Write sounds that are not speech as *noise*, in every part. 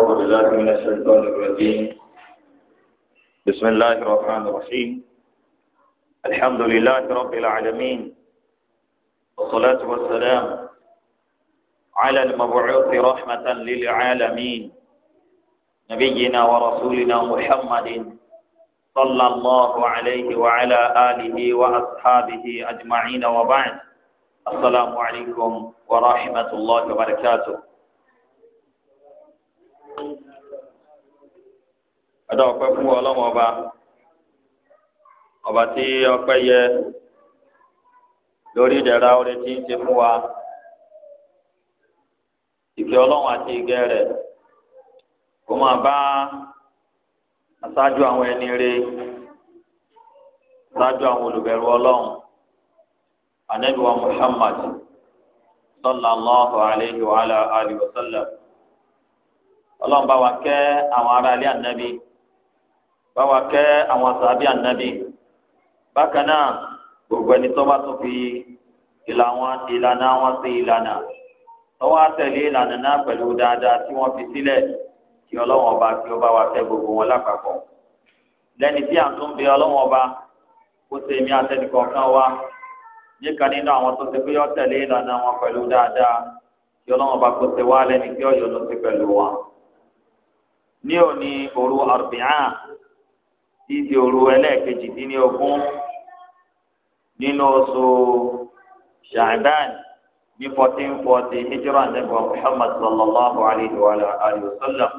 أعوذ بالله من الشيطان الرجيم بسم الله الرحمن الرحيم الحمد لله رب العالمين والصلاة والسلام على المبعوث رحمة للعالمين نبينا ورسولنا محمد صلى الله عليه وعلى آله وأصحابه أجمعين وبعد السلام عليكم ورحمة الله وبركاته ọdọ ọpẹ́ fún Ọlọ́run ọba ọba tí ọpẹ́ yẹ lórí ìdẹ̀ra orí tí ń ṣe fún wa ìfẹ́ Ọlọ́run àti ìgẹ̀ rẹ̀ kó máa bá aṣáájú àwọn ẹni rẹ̀ aṣáájú àwọn olùbẹ̀rù Ọlọ́run anabi wa Muhammad sallallahu alayhi wa ala alihi wa sallam Ọlọ́run bá wa kẹ́ àwọn ará ilé anabi báwa kẹ́ àwọn sàbí ànábì bákan náà gbogbo ẹni tó bá tún fi ìlànà wọn sí ìlànà tọwọ́ àtẹ̀lé ìlànà náà pẹ̀lú dáadáa tí wọ́n fi sílẹ̀ kí ọlọ́wọ́n ọba kí ó bá wa kẹ́ gbogbo wọn lápapọ̀ lẹ́ni tí à ń tún bẹ ọlọ́wọ́n ọba kó ṣe èmi àtẹnìkọ̀ọ̀kan wa níkan nínú àwọn tó ti pé yọ tẹ̀lé ìlànà wọn pẹ̀lú dáadáa kí ọlọ́wọ́n ọba kó ṣe wá lẹ́ni kí ọ̀yọ́ ló ti pẹ̀lú wọn. ní òní òru àrùbíà tí di òru ẹlẹ́ẹ̀kejì dín ní ogún nínú oṣù ṣàdán ní fourteen forty hijra nebo muhammad sallallahu alayhi wa alayhi wa sallam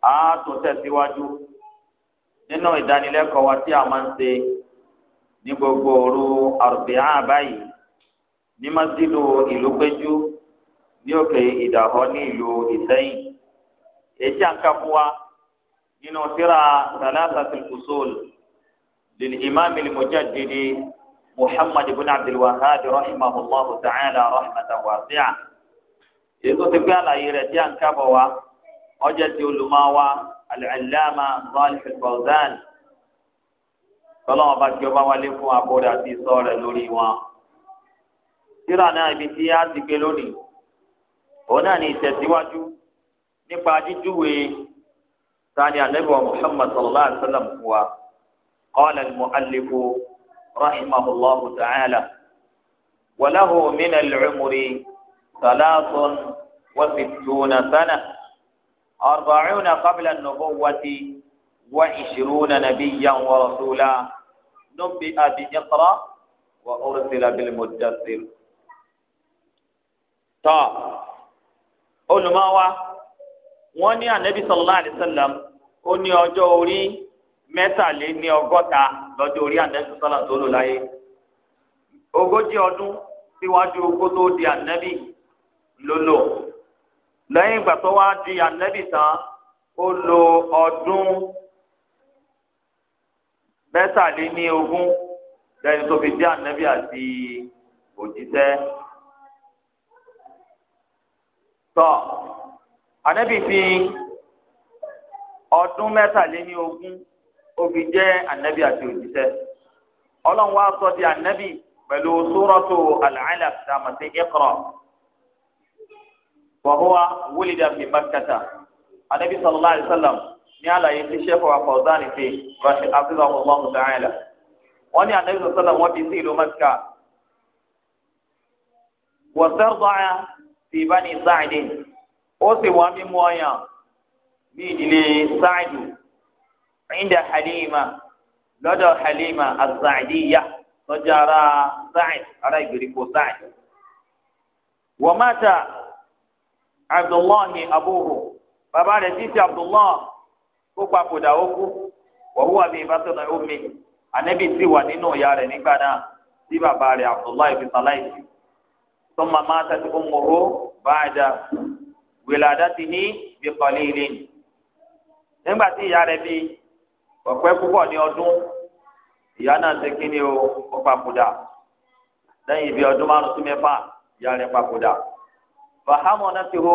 a tún tẹ̀síwájú nínú ìdánilẹ́kọ̀ọ́ wa tí a máa ń ṣe ní gbogbo òru àrùbíà báyìí ní masjidu ìlú péjú ní òkè ìdàhọ́ ní ìlú ìsẹ́yìn èyí tí a ń kà fún wa nínú tíra salasatul usul lil imam al mujaddid muhammad ibn abdul wahhab rahimahullahu ta'ala rahmatan wasi'a èyí tó ti gbé àlàyé rẹ̀ tí a ń kábọ̀ wá ọjà tí olùmọ̀ wa al-allama Salih al-Fawzan tọ́lọ́wọ́n bá tí ọba wálé fún abọ́dà tí wọn. síra náà ibi tí a ti gbé lónìí òun náà ní ìtẹ̀síwájú nípa sani anabi wa muhammad sallallahu alaihi wa sallam kuwa qala almu'allifu rahimahullahu ta'ala walahu min al'umri salasun wa sittuna sana arba'una qabla an-nubuwwati وعشرون نبيا ورسولا نبئ بإقرأ وأرسل بالمدثر tá olùmọ̀wá wọ́n ní anabi sallallahu alayhi wa sallam ó ní ọjọ́ orí mẹ́tàléní ọgọ́ta lọ́jọ́ orí anabi sallallahu tó lò láyé ogójì ọdún síwájú kó tó di anabi lólò lẹ́yìn ìgbà tó wá di anabi tán ó lò ọdún mẹ́tàléní ogún lẹ́yìn tó fi di anabi àti òjíṣẹ́ tọ́ anabi fi ọdún mẹ́tàléní ogún òbí jẹ́ anabi àti òjíṣẹ́ ọlọ́run wá sọ di anabi pẹ̀lú suratu al-alaq sàmàtí iqra wa huwa wulida fi makkata anabi sallallahu alayhi wa sallam ní àlàyé tí sẹ́kọ̀ọ́ àfọ̀dánì fi rọ̀ṣẹ̀ àfihàn ọlọ́run ta'ala wọ́n ní anabi sallallahu alayhi wa fi sí ìlú mẹ́kà wọ́n sẹ́rọ̀ dọ́ọ̀yà fi bani sáàdì. ó sì wá mímú ọyàn ní ìdílé sáàdù ìndà halima lọ́dọ̀ halima azàdíyà lọ́jà ara ara ìgbèríko sáàd. wọ́n máa ta abdullahi abuhu bàbá rẹ̀ títí abdullahi ó papòdà ó kú wọ́n wúwa bíi bàtọ́ náà na sì wà nínú ìyá rẹ̀ nígbà náà sí bàbá rẹ̀ abdullahi bisalai sọ́mà máa ti wiladatihi bi qalilin nígbà tí ìyá rẹ̀ bí ọ̀pẹ́ púpọ̀ ní ọdún ìyá náà ṣe kíni o ó papòdà lẹ́yìn ibi ọdún márùn sí mẹ́fà ìyá rẹ̀ papòdà fahamu nasihu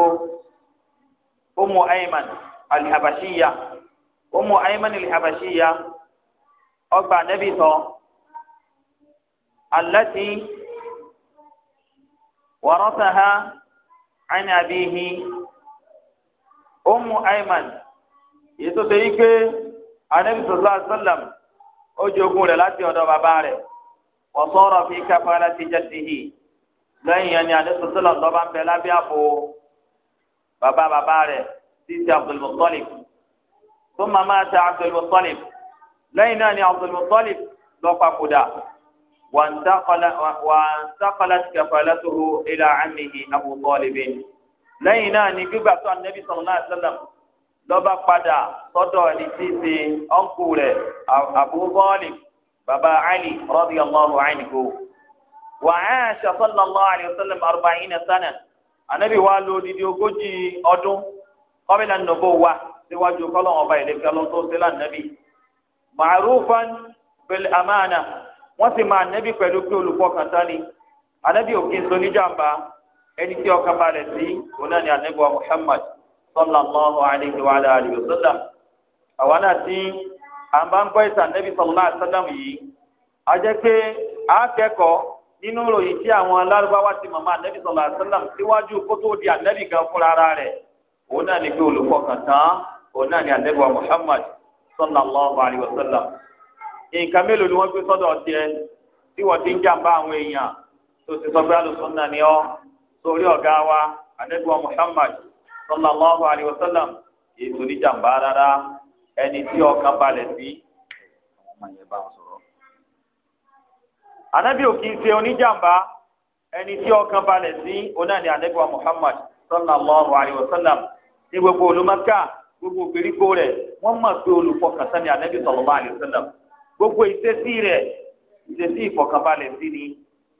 umu ayman alihabashiya umu ayman alihabashiya ọgbà nẹ́bí tán alẹ́tì wàrọ́sàhà ẹni àbíyí. Ummu Ayman èyí tó ṣe yí pé anabi sallallahu alaihi wasallam ó jogún rẹ̀ láti ọ̀dọ̀ bàbá rẹ̀ wa sara fi kafalati jaddihi lẹ́yìn yẹn ni anabi sallallahu alaihi wasallam lọ́ba ń bẹ lábẹ́ àpò bàbá bàbá rẹ̀ títí Abdul Muttalib thumma mata Abdul Muttalib lẹ́yìn náà ni Abdul Muttalib lọ́pàkùdà wa intaqala wa intaqalat kafalatuhu ila ammihi Abu Talib lẹ́yìn náà ni gbígbà tó anabi sallallahu alaihi wasallam lọ́ba padà sọ́dọ̀ ẹni tí í ṣe ọ̀nkù rẹ̀ Abu Talib baba Ali radiyallahu anhu wa Aisha sallallahu alaihi wasallam arba'ina sana anabi wa lò didi ogójì ọdún qabla an-nubuwwah síwájú kọ́lọ́ ọba ìlẹ́kẹ́ ló tó sílá nàbì. màrúfan bil amana wọ́n sì máa nàbì pẹ̀lú pé olùfọkàntán anabi òkè sọ níjàmbá ẹni tí ọkàn balẹ̀ sí ọ̀nà ni Muhammad sallallahu alayhi wa alihi wa sallam àwa náà tí à ń gbọ́ yìí a jẹ́ pé a kẹ́kọ̀ọ́ nínú ìròyìn tí àwọn alárúbáwá ti mọ̀mọ́ sallallahu alayhi síwájú kó tó rẹ̀ náà ni pé tán Muhammad sallallahu alayhi wa sallam nǹkan mélòó ni wọ́n gbé sọ́dọ̀ tiẹ̀ tí wọ́n ti ń jàǹbá àwọn èèyàn tó ti sọ sórí ọ̀gá wa anẹ́gbọ́n Muhammad sallallahu alayhi wa sallam ètò oníjàmbá rárá ẹni tí ọkàn balẹ̀ sí. anabi ò kì í ṣe oníjàmbá ẹni Muhammad sallallahu alayhi wa sallam ní gbogbo olùmọ̀ká gbogbo gbèríko rẹ̀ wọ́n mọ̀ pé olùfọkànsán gbogbo ìṣesí rẹ̀ ìṣesí ìfọkànbalẹ̀ sí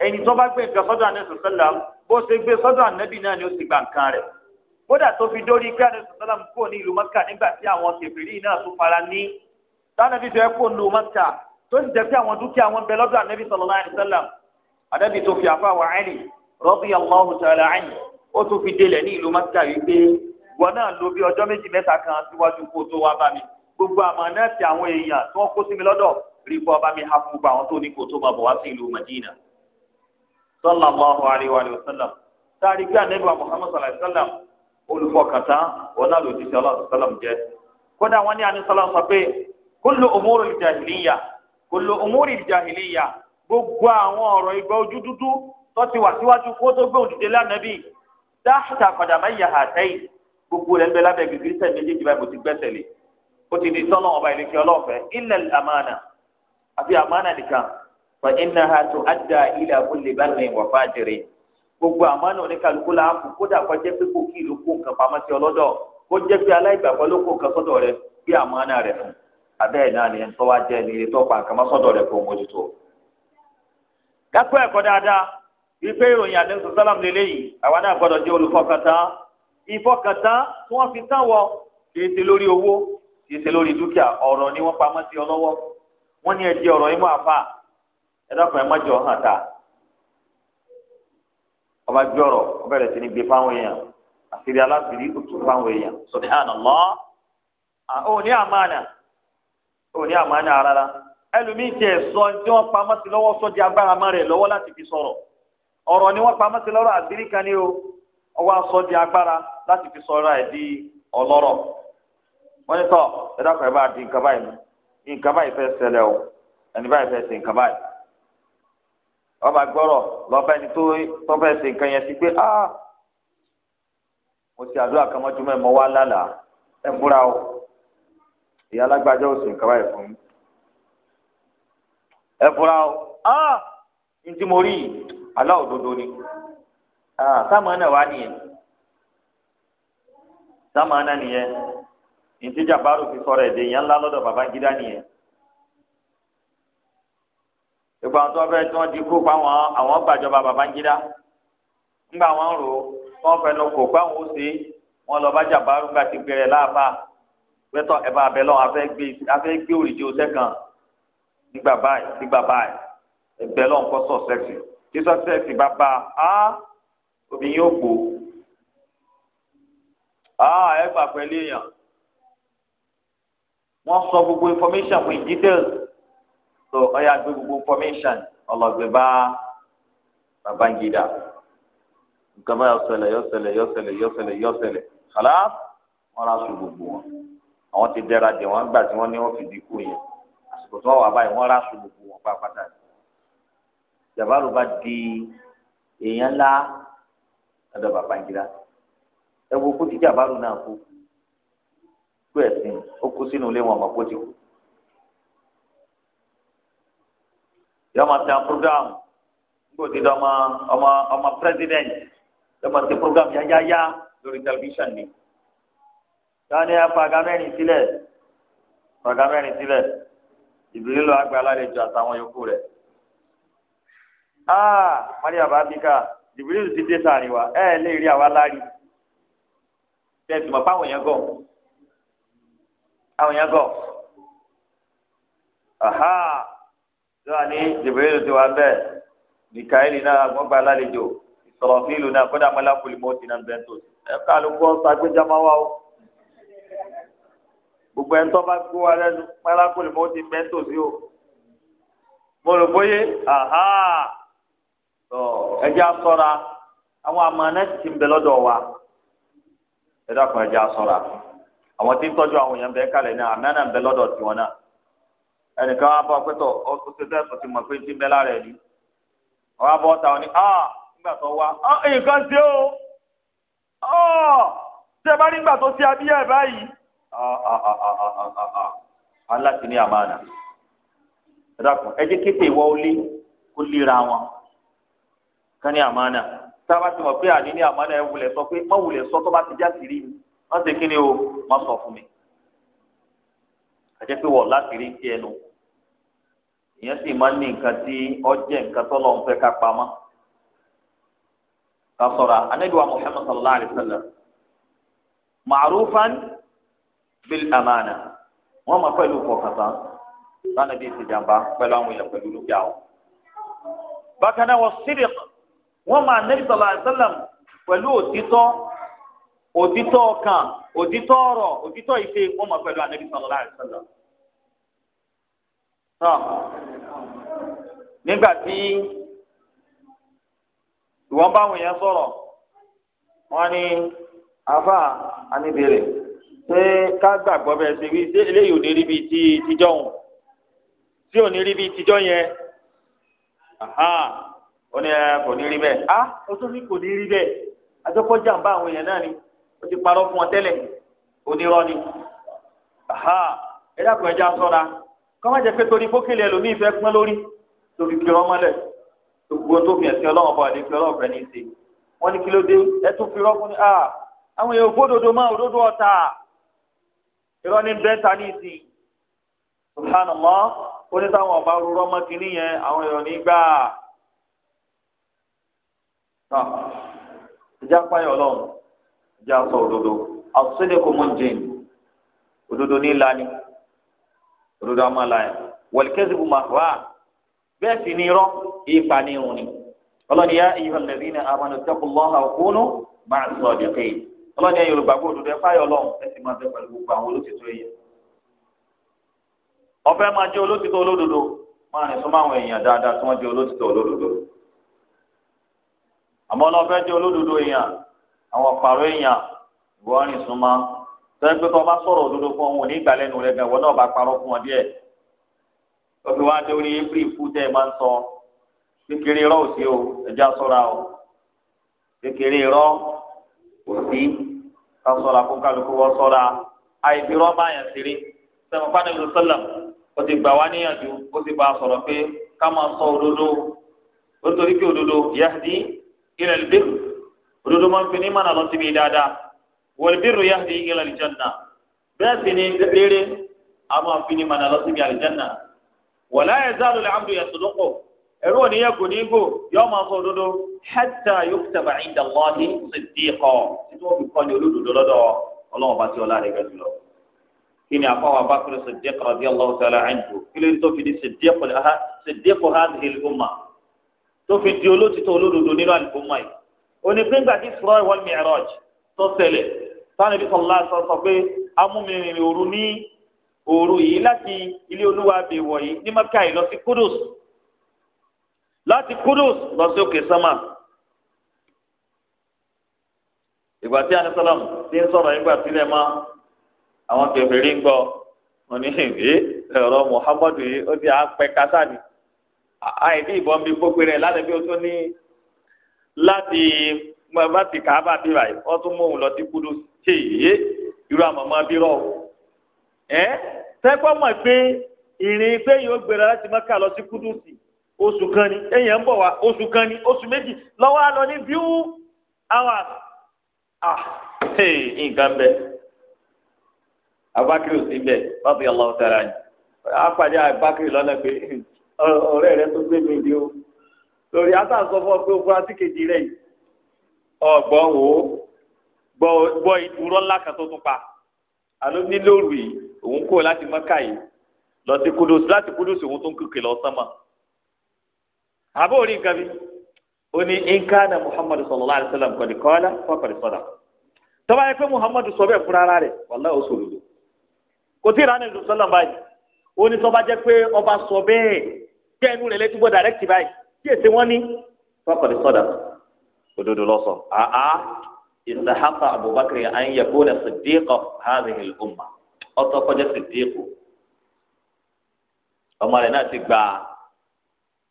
ẹni tó bá gbé nǹkan sọ́dọ̀ àná sọ̀sọ́là bó ṣe gbé sọ́dọ̀ ànábì náà ni ó ti gbà nǹkan rẹ̀ kódà tó fi dórí pé àná sọ̀sọ́là ń kó ní ìlú mọ́kà nígbà tí àwọn kèfèrí náà tún fara ní tánàbí fẹ́ kó ní mọ́kà tó sì jẹ́ pé àwọn dúkìá wọn bẹ lọ́dọ̀ ànábì sallallahu alaihi wasallam ànábì tó fi àfa wà áìlì radiyallahu ta'ala anhu ó tún fi délẹ̀ ní ìlú mọ́kà wípé wọn náà lo bí sallallahu alayhi wa sallam sáàrí bí anabi wa muhammad sallallahu alayhi wa sallam olùfọkàntà ọ̀nà lòdì sí ọlọ́run sallam jẹ́ kódà wọn ní àní sallam sọ pé kullu umuri jahiliya kullu umuri jahiliya gbogbo àwọn ọ̀rọ̀ ìgbà ojú dúdú tó ti wà síwájú kó tó gbé òdìdé lánàbí dáhùtà kọ̀dàmá ìyá àtẹ́yìn gbogbo rẹ̀ ń bẹ lábẹ́ gègé sẹ́yìn fa inna ha tó ada ilà kulè bá rìn wà fàjèrè gbogbo àmọ́nà oníkàlùkù la kù kódà kó jẹ́ pé kò kí ìlú kó nǹkan pamọ́ sí ọlọ́dọ̀ kó jẹ́ pé aláìgbàgbọ́ ló kó nǹkan sọ́dọ̀ rẹ bí àmọ́nà rẹ fún abẹ́ẹ̀ náà ni ẹni tó wá jẹ́ ẹni tó pa nǹkan mọ́ sọ́dọ̀ rẹ kó mójútó. kápẹ́ ẹ̀kọ́ dáadáa wípé ìròyìn àdéhùn sọ́sálàm lélẹ́yìí àwa náà gbọ́dọ̀ jẹ́ olùfọkàntán ìfọkàntán tí wọ́n fi tán wọ kì í ẹdọkùn ẹ mọjọ hàn ta ọba jọrọ ọbẹrẹ sí ni gbé fáwọn èèyàn àṣírí aláṣírí otu fáwọn èèyàn ní ní sọ tí wọ́n pamọ́ sí lọ́wọ́ agbára láti fi ni wọ́n pamọ́ sí lọ́rọ̀ o ọwọ́ sọ́jà agbára láti fi sọ̀rọ̀ ẹ̀ di ọlọ́rọ̀ wọ́n ní tọ́ ẹ̀dá kan ẹ̀ bá ọba gbọ́rọ̀ lọ́ba ẹni tó tọ́fẹ́ ṣe nǹkan yẹn sí pé a mo ti àdúrà kan mọ́jú mẹ́mọ́ wá lálàá ẹ̀ ń búra o ìyá alágbájá ò sì ń kábàáyé fún mi ẹ fura o ah n tí mo rí yìí aláwọ̀ dodo ni ah sáàmù náà wà nìyẹn sáàmù náà nìyẹn n tí jàmbá rò fi sọ̀rọ̀ ẹ̀dẹ̀ yẹn ńlá lọ́dọ̀ Babangida nìyẹn ìgbà wọn tó fẹ́ tí wọ́n ti kú pa àwọn àwọn gbàjọba Babangida ńgbà wọn rò wọ́n fẹnu kò pa àwọn òsè wọn lọ bá jàbáru gba ti gbẹrẹ láàbà gbẹtọ ẹbá abẹ lọ afẹ gbé afẹ gbé òrìjì oṣẹ kan nígbà báyìí nígbà báyìí ẹbẹ lọ nǹkan sọ sẹẹsì tí sọ sẹẹsì bá bá a obìnrin yóò gbó a ẹ gbà pẹ̀lú èèyàn wọ́n sọ gbogbo information with details so ọyà gbé gbogbo information ọlọgbẹ bá Babangida nǹkan bá yọsẹlẹ yọsẹlẹ yọsẹlẹ yọsẹlẹ yọsẹlẹ kàlá wọn rà sùn gbogbo wọn àwọn ti dẹra dé wọn gbà tí wọn ní wọn fìdí kú yẹn àsìkò tí wọn wà báyìí wọn rà sùn gbogbo wọn pápátá jabaru bá di èèyàn ńlá lọ́dọ̀ Babangida ẹ wo kó ti jabaru náà kú kú ẹsìn ó kú sínú ilé wọn mọ kó ti kú. yọọ ma program nígbà tí ọmọ ọmọ ọmọ president yọọ ma tẹ program yáyáyá lórí tẹlifíṣàn ni tani afaga mẹ́rin sílẹ̀ afaga mẹ́rin sílẹ̀ ìbílẹ̀ lọ àgbà alálejò àtàwọn yòókù rẹ̀ aa maria babika ìbílẹ̀ ti dé sàárì wa ẹ ẹ lè rí àwa lárí tẹsí mọ fáwọn yẹn gọ àwọn yẹn gọ aha lọ́wọ́ ní jìbìrìlù ti wà bẹ́ẹ̀ mikaeli náà wọ́n gba alálejò ìsọ̀rọ̀fíìlù náà kódà mọ́lákùlì mọ́tì náà bẹ́ẹ̀ tó ẹ kálukú ọ̀sán agbẹ́jàmá wa o gbogbo ẹ̀ ń tọ́ bá gbó wa lẹ́nu mọ́lákùlì mọ́tì bẹ́ẹ̀ tó sí o mo rò bóyé aha tọ́ ẹjẹ́ asọ́ra àwọn àmàlẹ́ ti ń bẹ lọ́dọ̀ wa ẹ dákun ẹjẹ́ asọ́ra àwọn tí ń tọ́jú àwọn èèyàn bẹ́ẹ̀ kalẹ̀ náà àmàlẹ́ ẹnìkan wá bọ́ pẹ́tọ̀ ọ̀sẹ̀sẹ̀ ẹ̀sùn ti mọ̀ pé ti bẹ́ lára ẹ̀ ni ọ̀wá bọ́ ta ọ ní nígbà tó wá nǹkan ṣe o ọ̀ ṣe bá nígbà tó ṣe abíyẹ̀ báyìí aláti ní àmàna ẹ̀dàkùn ẹ jẹ́ kété ìwọ olé kó lera wọn ká ní àmàna tá a bá ti mọ̀ pé àní ní àmàna ẹ wulẹ̀ sọ pé má wulẹ̀ sọ tó bá ti jáde rí mi má ṣe kí ni o má sọ fún mi àjẹpẹ́ wọ̀ láti rí ti ẹnu ìyẹn sì máa ń ní nǹkan tí ọjẹ́ nǹkan tó lọ́n fẹ́ ká pamọ́ ká sọ̀rọ̀ anábìwá Muhammad sallallahu alayhi wa sallam ma'rufan bil amana wọ́n máa pẹ̀lú fọkàntán lánàá bíi ìsìjàmbá pẹ̀lú àwọn èèyàn pẹ̀lú lókè àwọn. bákan náà wọ́n sídìí wọ́n máa anábì sallallahu alayhi wa sallam pẹ̀lú òtítọ́ òtítọ́ ọkàn òtítọ́ ọ̀rọ̀ òtítọ́ ìfẹ́ wọ́n máa pẹ̀lú anábì sallallahu alayhi wa sallam nígbà tí ìwọ́n bá àwọn èèyàn sọ̀rọ̀ wọ́n ní àáfà àníbèrè ṣé ká gbàgbọ́ bẹ́ẹ̀ ṣe wí ṣé eléyìí ò ní rí bíi ti tijọ́ òun tí ò ní rí bíi tijọ́ yẹn ó ní ẹ kò ní rí bẹ́ẹ̀ á ó tún ní kò ní rí bẹ́ẹ̀ àjọpọ̀jà ń bá àwọn èèyàn náà ni ó ti parọ́ fún wọn tẹ́lẹ̀ onírọ́ ni ẹ dákun ẹ já sọ́ra kọ́mọ̀jẹ̀ pé torí pókèlè ẹlòmíì fẹ́ pọ́n lórí tó fi kí wọn mọ́lẹ̀ gbogbo tó fi ẹ̀sìn ọlọ́run bọ̀ àdéhùn ọlọ́run fẹ́ ní í ṣe wọ́n ní kí ló dé ẹ tún fi rọ́ọ̀kú ní ah, àwọn èèyàn òfódodo máa òdodo ọ̀tà irọ́ ní bẹ́ẹ̀ ta ní ìsìn subhanallah ó ní táwọn ọba rúrọ́ mọ́ kínní yẹn àwọn èèyàn ní gbà á ìjà pààyàn ọlọ́run ìjà sọ òdodo àtúnṣe kò mọ̀ jẹ́ òdodo ní ìlànà òdodo àmàlà yẹn wọ̀lì kẹ́sìbù màfà bẹ́ẹ̀ sì ni irọ́ ìpanirun ni ọlọ́ni yá iyọ̀ lẹ́bí ní amanu taqullaha wa kunu ma'a sadiqin ọlọ́ni yá yorùbá gbọ́dọ̀ dẹ́ fáyọ̀ lọ́hùn ẹ sì máa fẹ́ pẹ̀lú gbogbo àwọn ọ̀fẹ́ máa jẹ́ olódodo máa rìn súnmọ́ àwọn èèyàn dáadáa tí wọ́n jẹ́ olódodo àmọ́ jẹ́ olódodo èèyàn àwọn ọ̀pàrọ̀ èèyàn òfin wa dórí april fún tẹ́ ẹ máa ń sọ kékeré irọ́ òsì o ẹja sọ́ra o kékeré irọ́ òsì ká sọ́ra kó kálukú wọ́n sọ́ra àìsí irọ́ báyà sírí sẹ́mi fani lùsọ́là ó ti gbà wá níyànjú ó ti bá a sọ̀rọ̀ pé ká máa sọ òdodo ó torí pé òdodo yahdi ila albir òdodo máa ń fi ní mànà lọ síbi dáadáa wal birru yahdi ila aljanna bẹ́ẹ̀ sì ni rere a máa fi ní mànà lọ síbi aljanna wala yazalu al-abdu yasduqu ẹ̀rú òníyẹ̀kù ní ibò yọ máa sọ òdodo hatta yuktaba inda Allahi siddiqa títí wọ́n fi kọ́ ní olódodo lọ́dọ̀ ọlọ́run bá ti ọlá rẹ̀ gẹ̀ jùlọ. kí ni àfọwọ́ abakiri siddiq radiyallahu ta'ala anhu kí ló ń tó fi di siddiq hadhihi al-ummah tó fi di olótìtọ́ olódodo nínú al-ummah yìí. òní pé ńgbà tí Isra wal Mi'raj tó ṣẹlẹ̀ sanabi sọlá sọ pé amúmirìnrìn òru ní òru yìí láti ilé olúwa bẹ̀ wọ̀nyí ní maka yìí lọ sí kudus láti kudus lọ sí òkè sánmà ìgbà tí anisalam ti ń sọ̀rọ̀ nígbà sílẹ̀ mọ́ àwọn kẹfìrí ń gbọ́ wọn ní ìwé ẹ̀rọ muhammadu yìí ó ti à ń pẹ́ kásáàdì àìdí ìbọn bíi gbogbo rẹ̀ lálẹ́ bí ó tún ní láti láti kàábà bíbáyìí wọ́n tún mú òun lọ sí kudus ṣe ìyé irú àmọ́mọ́ bírọ̀ o. ẹ tẹ́kọ̀ mọ̀ pé ìrìn pé yóò gbéra láti mọ́kà lọ sí kúdùsì oṣù kan ni èèyàn ń bọ̀ wá oṣù kan ni oṣù méjì lọ́wọ́ àlọ́ ní bíú hours ah nǹkan bẹ abakiri ò sí bẹ bàbá yàrá ọ̀tá rà ní apàdé abakiri lọ́nà pé ọ̀rẹ́ rẹ tó gbé mi dé o lórí ata sọ fún ọ pé òfurasí kejì rẹ yìí ọgbọ́n wo gbọ́ ìdúró ńlá kan tó tún pa àló nílò rù òun kó láti mọ́kà yìí lọ sí kudus láti kudus òun tó ń kékeré lọ sánmà àbó orí nǹkan bí ó ní nǹkan muhammadu sallallahu alayhi wa sallam kọ́ni kọ́lá fọ́kànlẹ̀ sọ́dà tọ́ba yẹn pé muhammadu sọ bẹ́ẹ̀ fúnra ara rẹ̀ wàlláhì ó sòrò lò kò tí ì ránà ìlú sọ́lá báyìí ó ní tọ́ba jẹ́ pé ọba sọ bẹ́ẹ̀ kí ẹnu rẹ̀ létí bọ́ dàrẹ́kìtì báyìí kí èsì wọ́n ní fọ́kànlẹ̀ sọ́dà òdodo lọ́sọ̀ àá ìsàhàfà abubakar an yakuna siddiqa hadhihi al-umma ọtọ kọjá sídìkù ọmọ rẹ̀ náà ti gba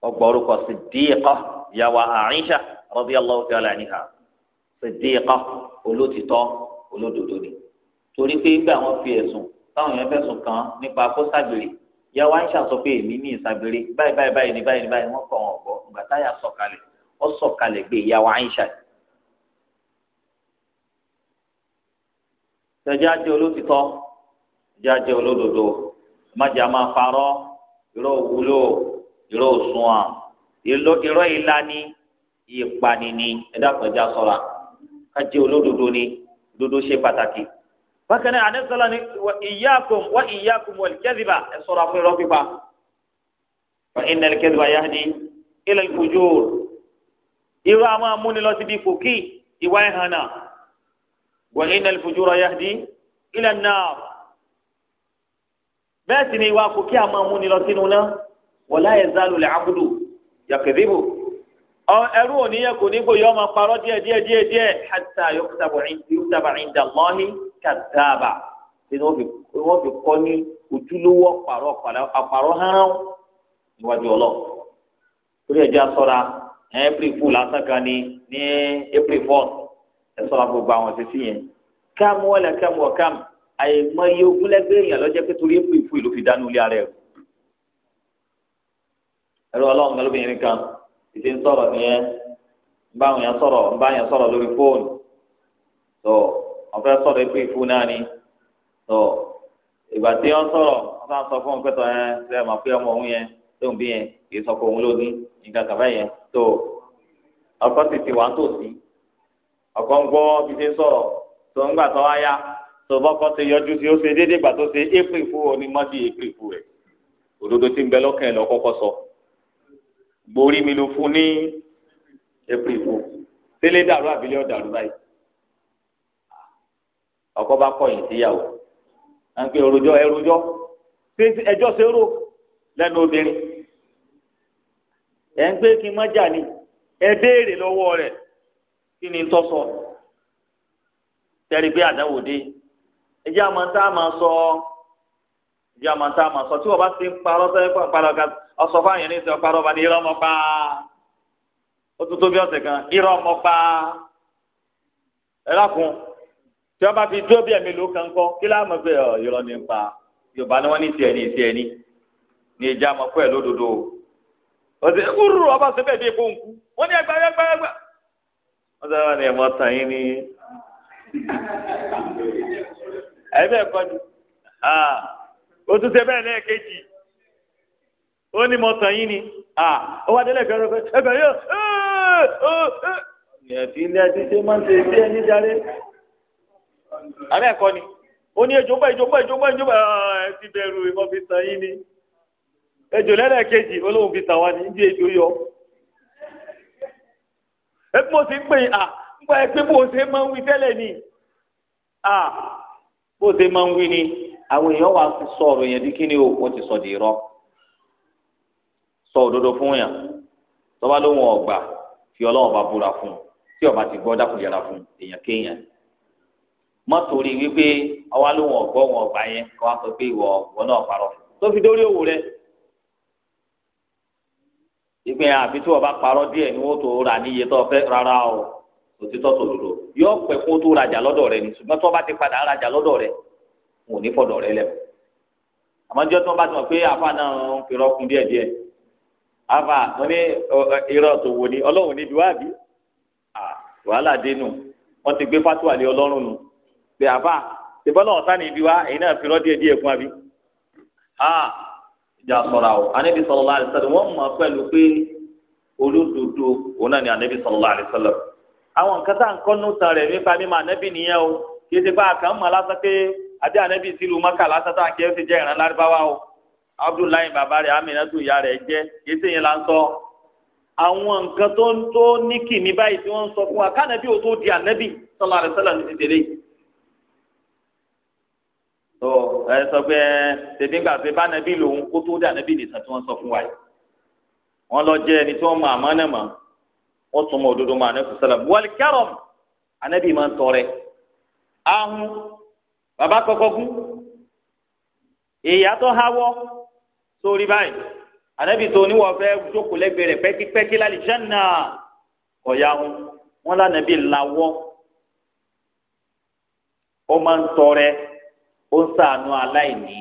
ọgbà orúkọ sídìkọ yàwá Àìṣà radiyallahu ta'ala anha sídìkọ olótìtọ olódodo ni torí pé nígbà wọn fi ẹ̀sùn táwọn èèyàn fẹ̀sùn kan nípa kó yàwá sọ pé èmi ní báyìí báyìí báyìí ni báyìí ni báyìí wọn kọ wọn ìgbà táyà gbé yàwá tẹjá jẹ jáde olódodo májà máa parọ́ irọ́ òwúlò irọ́ òsùnwọ̀n irọ́ ìlànì ìpani ni ẹ̀dàpọ̀ ẹja sọ̀ra kájẹ olódodo ni dodo ṣe pàtàkì. bákan náà anẹ́sọ̀lá ni iyyakum wa iyyakum wal kadhiba ẹ̀ sọ̀rọ̀ fún irọ́ pípa. fa innal kadhiba yahdi ila al fujur irọ́ a máa múni lọ síbi fòkì ìwà ẹ̀hánà wa innal fujura yahdi ila an-nar bẹ́ẹ̀ sì ni ìwà kò kí a máa mú ni lọ sínú náà wala yazalu al-abdu yakdhibu ẹrú òní yẹ kò ní gbòòyè ọmọ parọ́ díẹ̀ díẹ̀ díẹ̀ díẹ̀ hatta yuktaba inda Allahi kadhaba nínú wọ́n fi kọ́ ní ojúlówó àpàrọ̀ hánrán níwájú ọlọ́ torí ẹ̀jẹ̀ asọ́ra april fool lásán kan ní april fourth ẹ̀ sọ́ra gbogbo àwọn títí yẹn káàmù wọlé káàmù àìmọye ogúnlẹ́gbẹ́ èèyàn lọ́jọ́ pé torí èpò ìfò ìlú fi dánú ilé ara ẹ̀ ẹ̀rọ ọlọ́run kan lóbìnrin kan ìṣe ń sọ̀rọ̀ nìyẹn ń bá àwọn yẹn sọ̀rọ̀ ń bá yẹn sọ̀rọ̀ lórí fóònù tó wọ́n fẹ́ sọ̀rọ̀ èpò ìfò náà ni tó ìgbà tí wọ́n sọ̀rọ̀ wọ́n sá sọ fún pẹ́tọ̀ yẹn ṣe é mọ̀ pé ọmọ òun yẹn tó ń bí yẹn kì í sọ pé òun ló nǹkan kàbá yẹn tó ọkọ sì ti wà ń tòsí ọkọ ń gbọ́ bí ń sọ̀rọ̀ tó ń gbà tó wáyà tòbọ́kọ́ ṣe yọjú sí ó ṣe déédéé gbà tó ṣe april fún ọ ní april fún e òdodo ti ń bẹ sọ gborí mi ló fún ní april fún tẹ́lẹ̀ dàrú àbílẹ̀ ọ̀dàrú báyìí ọkọ bá kọ̀yìn síyàwó à ń pè ẹrùjọ lẹnu obìnrin ń kí n má jà ní ẹ ni pé àdáwò ẹjẹ́ àmọ́ tá a máa sọ ẹjẹ́ àmọ́ tá a máa sọ tí wọ́n bá ti ń parọ́ sẹ́yìn fún àpárọ̀ ká ọsọ fáyẹn ní ìsìn ọparọ́ bá ní irọ́ mọ́ pa ó tún tó bí kan irọ́ mọ́ pa ẹ lákun tí wọ́n bá fi dúró bí ẹ̀mí ló kàn kọ́ kí láàmú pé ọ̀ irọ́ ní pa yorùbá ni wọ́n ní tiẹ̀ ní tiẹ̀ ní ní ẹjẹ́ àmọ́ pẹ́ lódodo ọ̀sẹ̀ wúrú ọba ṣẹ́fẹ̀ bí epo ń kú wọ́n ní ẹgbẹ́ ẹgbẹ́ ẹgbẹ́ wọ́n sọ àyè bẹ́ẹ̀ ni ó tún ṣe bẹ́ẹ̀ lẹ́ẹ̀kejì ó ní yín ni ó wá gbẹrẹ ẹgbẹ yóò ìyẹ̀fì ilé ẹtí ṣe máa ń ṣe ẹni jáde ni ó ní ejò ń ejò ń ejò ń ejò ń ni ejò lẹ́lẹ́kejì olóhùn fi tàn wá ní ibi ejò yọ mo ti ń pè à ń bó ṣe máa ń wí ni àwọn èèyàn wà ti sọ ọ̀rọ̀ yẹn di kíni o wọ́n ti sọ di irọ sọ òdodo fún yàn tọ́ba ló wọn ọ̀gbà fi ọlọ́wọ́n bá búra fún un tí ọba ti gbọ dákun yàrá fún èèyàn kéèyàn mọ́tòrí wípé ọwá ló wọn ọ̀gbọ́ wọn ọ̀gbà yẹn kọ́ wá sọ pé ìwọ ọ̀gbọ́n náà parọ́ tó fi dórí òwò rẹ ìpín àbí tí wọ́n bá parọ́ díẹ̀ ni wọ́n tó ra níye tó fẹ́ rárá o. òtítọ́ tòdodo yóò pẹ́ kó tó rajà lọ́dọ̀ rẹ ni ṣùgbọ́n tó bá ti padà rajà lọ́dọ̀ rẹ wò ní fọ̀dọ̀ rẹ lẹ́wọ̀ àmọ́jọ́ tó bá ti mọ̀ pé afa náà ń fi rọ́kùn díẹ̀ díẹ̀ afa wọn ní irọ́ tó wò ni ọlọ́run níbi wá bí wàhálà dénú wọn ti gbé fatuwa lé ọlọ́run nu pé afa ìbọ́lọ́run sani ibi wá èyí náà fi rọ́ díẹ̀ díẹ̀ fún abi ìjà ni anabi sallallahu alaihi wasallam àwọn nǹkan tá à ń kọ́ nù tán rẹ̀ nípa mímọ ànábì nìyẹn o kì í ṣe pé àkàn mọ̀ lásán pé àbí ànábì sílu mọ́kà lásán tá à ń kí ẹ ṣe jẹ́ ìran lárúbáwá o abdullahi bàbá rẹ̀ aminatu ìyá rẹ̀ jẹ́ kì í ṣe yẹn là ń sọ àwọn nǹkan tó ń tó ní kìíní báyìí tí wọ́n ń sọ fún wa kánàbí ò tó di ànábì sallallahu alaihi wasallam ní ti tẹ̀lé yìí tó ẹ sọ pé ẹ tèmi gbà pé bánàbí lòun kó tó dànàbí nìkan tí wọn sọ fún wa yìí wọn lọ jẹ ẹni tí wọn mọ àmọ náà mọ wọ́n tún mọ òdodo mọ anabi sọlọm wọlé kẹrọm anabi máa ń tọrẹ ahun bàbá kọkọ kú ìyá tó hawọ sórí báyìí anabi tó ní wọ́n fẹ́ jókòó lẹ́gbẹ̀ẹ́ rẹ̀ pẹ́kípẹ́kí lálẹ́ jẹ́nà kọ̀yà ahun wọn lànàbí làwọ́ ó máa ń tọrẹ ó ń ṣàánú aláìní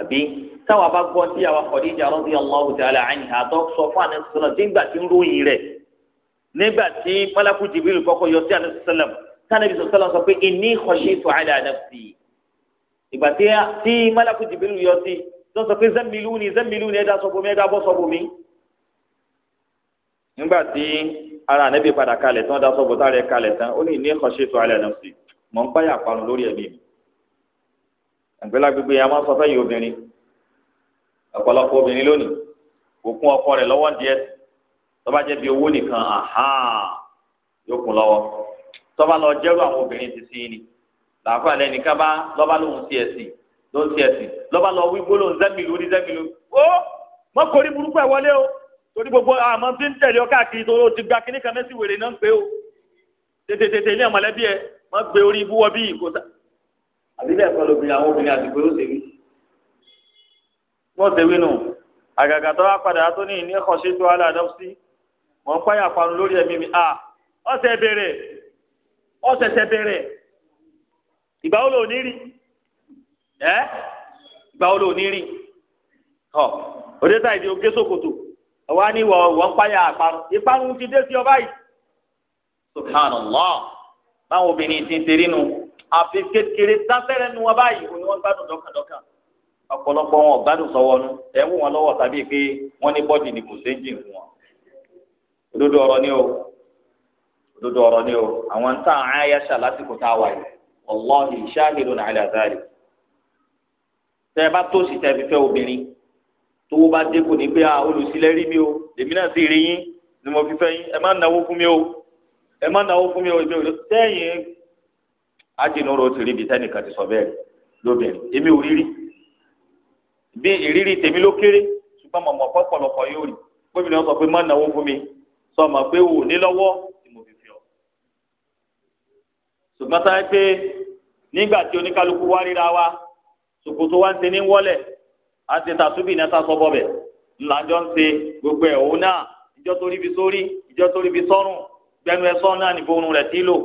àbí táwa bá gbọ́ tí àwa Khadija radiyallahu ta'ala anha tó sọ fún àníṣọ́lá nígbà tí ń ròyìn rẹ̀ nígbà tí malaku Jibril kọ́kọ́ yọ sí àníṣọ́lá sanabi sọ́lá sọ pé inni khashitu ala nafsi ìgbà tí malaku Jibril yọ sí tó sọ pé zammiluni zammiluni ẹ̀dá sọ́bù mi ẹ̀dá bọ́ sọ́bù mi. nígbà tí ara ànábì padà kalẹ̀ tán dá sọ́bù tá àgbélá gbogbo yẹn a máa sọ fẹ́ yìí obìnrin ọ̀pọ̀lọpọ̀ obìnrin lónìí kò kún ọkọ rẹ̀ lọ́wọ́ díẹ̀ tọ́ba jẹ́ bí owó nìkan yóò kún lọ́wọ́ tọ́ba lọ jẹ́rú àwọn obìnrin ti sí ni làáfà lẹ́ni ká bá lọ́ba lóhun sí ẹ̀sìn ló ń sí ẹ̀sìn lọ́ba lọ wí gbólóhùn zẹ́mìlú ní zẹ́mìlú ó mọ́kòrí burúkú ẹ̀ wọlé o torí gbogbo àmọ́ tí ń tẹ̀lé ọ káàkiri tó o ti gba kíní kan mẹ́sì wèrè náà ń pé o tètè tètè ní ọ̀mọ̀lẹ́bí ẹ mọ́ gbé orí ibú wọ bí ìkó àbí bẹ́ẹ̀ kọ́ lóbìnrin àwọn obìnrin àdìgbò yóò ṣèwí. wọ́n ṣèwí nù àgàgà tó wá padà tó ní ìní ọ̀ṣẹ́ tó wàhálà àdọ́ sí mọ̀ ń pààyà panu lórí ẹ̀mí mi à ọ̀sẹ̀ bẹ̀rẹ̀ ọ̀sẹ̀sẹ̀ bẹ̀rẹ̀ ìgbà wo ló ní rí ẹ́ ìgbà wo ló ní rí ọ̀ òdetá ìdí ogé sòkòtò ọ̀wá ní ìwọ̀ wọ́n pààyà àparun ìparun ti dé sí ọ báyìí subhanallah báwọn obìnrin ti ń ṣe àfi kékeré sáfẹ́rẹ́ nu wọn báyìí òní wọn gbádùn dọ́kàndọ́kàn ọ̀pọ̀lọpọ̀ wọn gbádùn sọ́wọ́ nu ẹ̀ wù wọn lọ́wọ́ tàbí pé wọ́n ní bọ́dì ní kò séjì fún wọn. òdodo ọ̀rọ̀ ni o òdodo ọ̀rọ̀ ni o àwọn ń tàn áyáṣà lásìkò tá a wà yìí ọlọ́ọ̀hì ṣáàhìrò náà àlẹ́ àzáàlì. tẹ́ ẹ bá tòṣì tẹ́ fi fẹ́ obìnrin tówó bá dé ní pé a olùsílẹ̀ rí mi o èmi náà sì rí yín ni mo fi fẹ́ yín ẹ má náwó fún mi o ẹ má náwó fún mi o ìbí ájínúrò ti rí ibi tẹ́nìkan ti sọ bẹ́ẹ̀ rí lóbìnrin èmi ò rírí bí ìrírí tèmi ló kéré ṣùgbọ́n mọ̀mọ́ pọ̀pọ̀lọpọ̀ yóò rí gómìnà sọ pé má náwó fún mi sọ ma pé wò ní lọ́wọ́ tí mo fi fi ọ́ ṣùgbọ́n táyé pé nígbà tí oníkálukú wá ríra wa ṣòkòtò wa ń ṣe ní wọ́lẹ̀ á ti tàtúbì náà sá sọ bọ́bẹ̀ ńlá jọ ń ṣe gbogbo ẹ̀ òun náà ìjọ tó ríbi sórí ìjọ tó ríbi sọ́rùn gbẹnu ẹ̀ sọ́rùn náà nìbọn orun rẹ̀ tí lò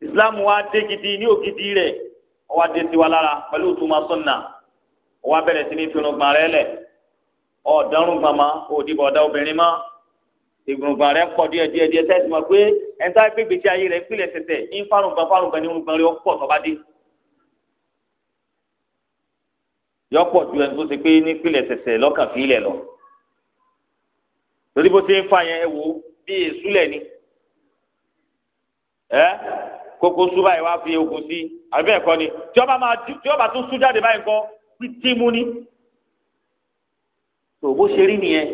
islam wa dé gidi ní ògidì rẹ̀ ọwọ́ adé tiwa lára pẹ̀lú ìtumọ̀ sunna ọwọ́ abẹ́rẹ́ sí ní ìfirungbọ̀n rẹ lẹ̀ ọ̀dọ́rùngbọ̀n ma òdìbò ọ̀dà obìnrin ma ìgbọ̀ngbọ̀n rẹ pọ̀ díẹ̀ díẹ̀ díẹ̀ tẹ́sí ma pé ẹ̀ńtà gbégbèsè ayé rẹ̀ pílẹ̀ tẹ̀tẹ̀ ń fárùngbọ̀n fárùngbọ̀n ní irungbọ̀n rẹ ó pọ̀ tọ́ba dé. yọpọ̀ ju ẹni tó ṣe pé ní pílẹ̀ tẹ̀tẹ̀ lọ́kàn fílẹ̀ lọ. torí bó ṣe ń fa yẹn ẹ wo bí èsúlẹ̀ ni. ẹ́ Koko sú báyìí wá fi okùn sí àbí ẹ̀kọ́ ni tí ọba máa tí ọba tún sú jáde báyìí kọ́ títí mú ni. tó bó ṣe rí nìyẹn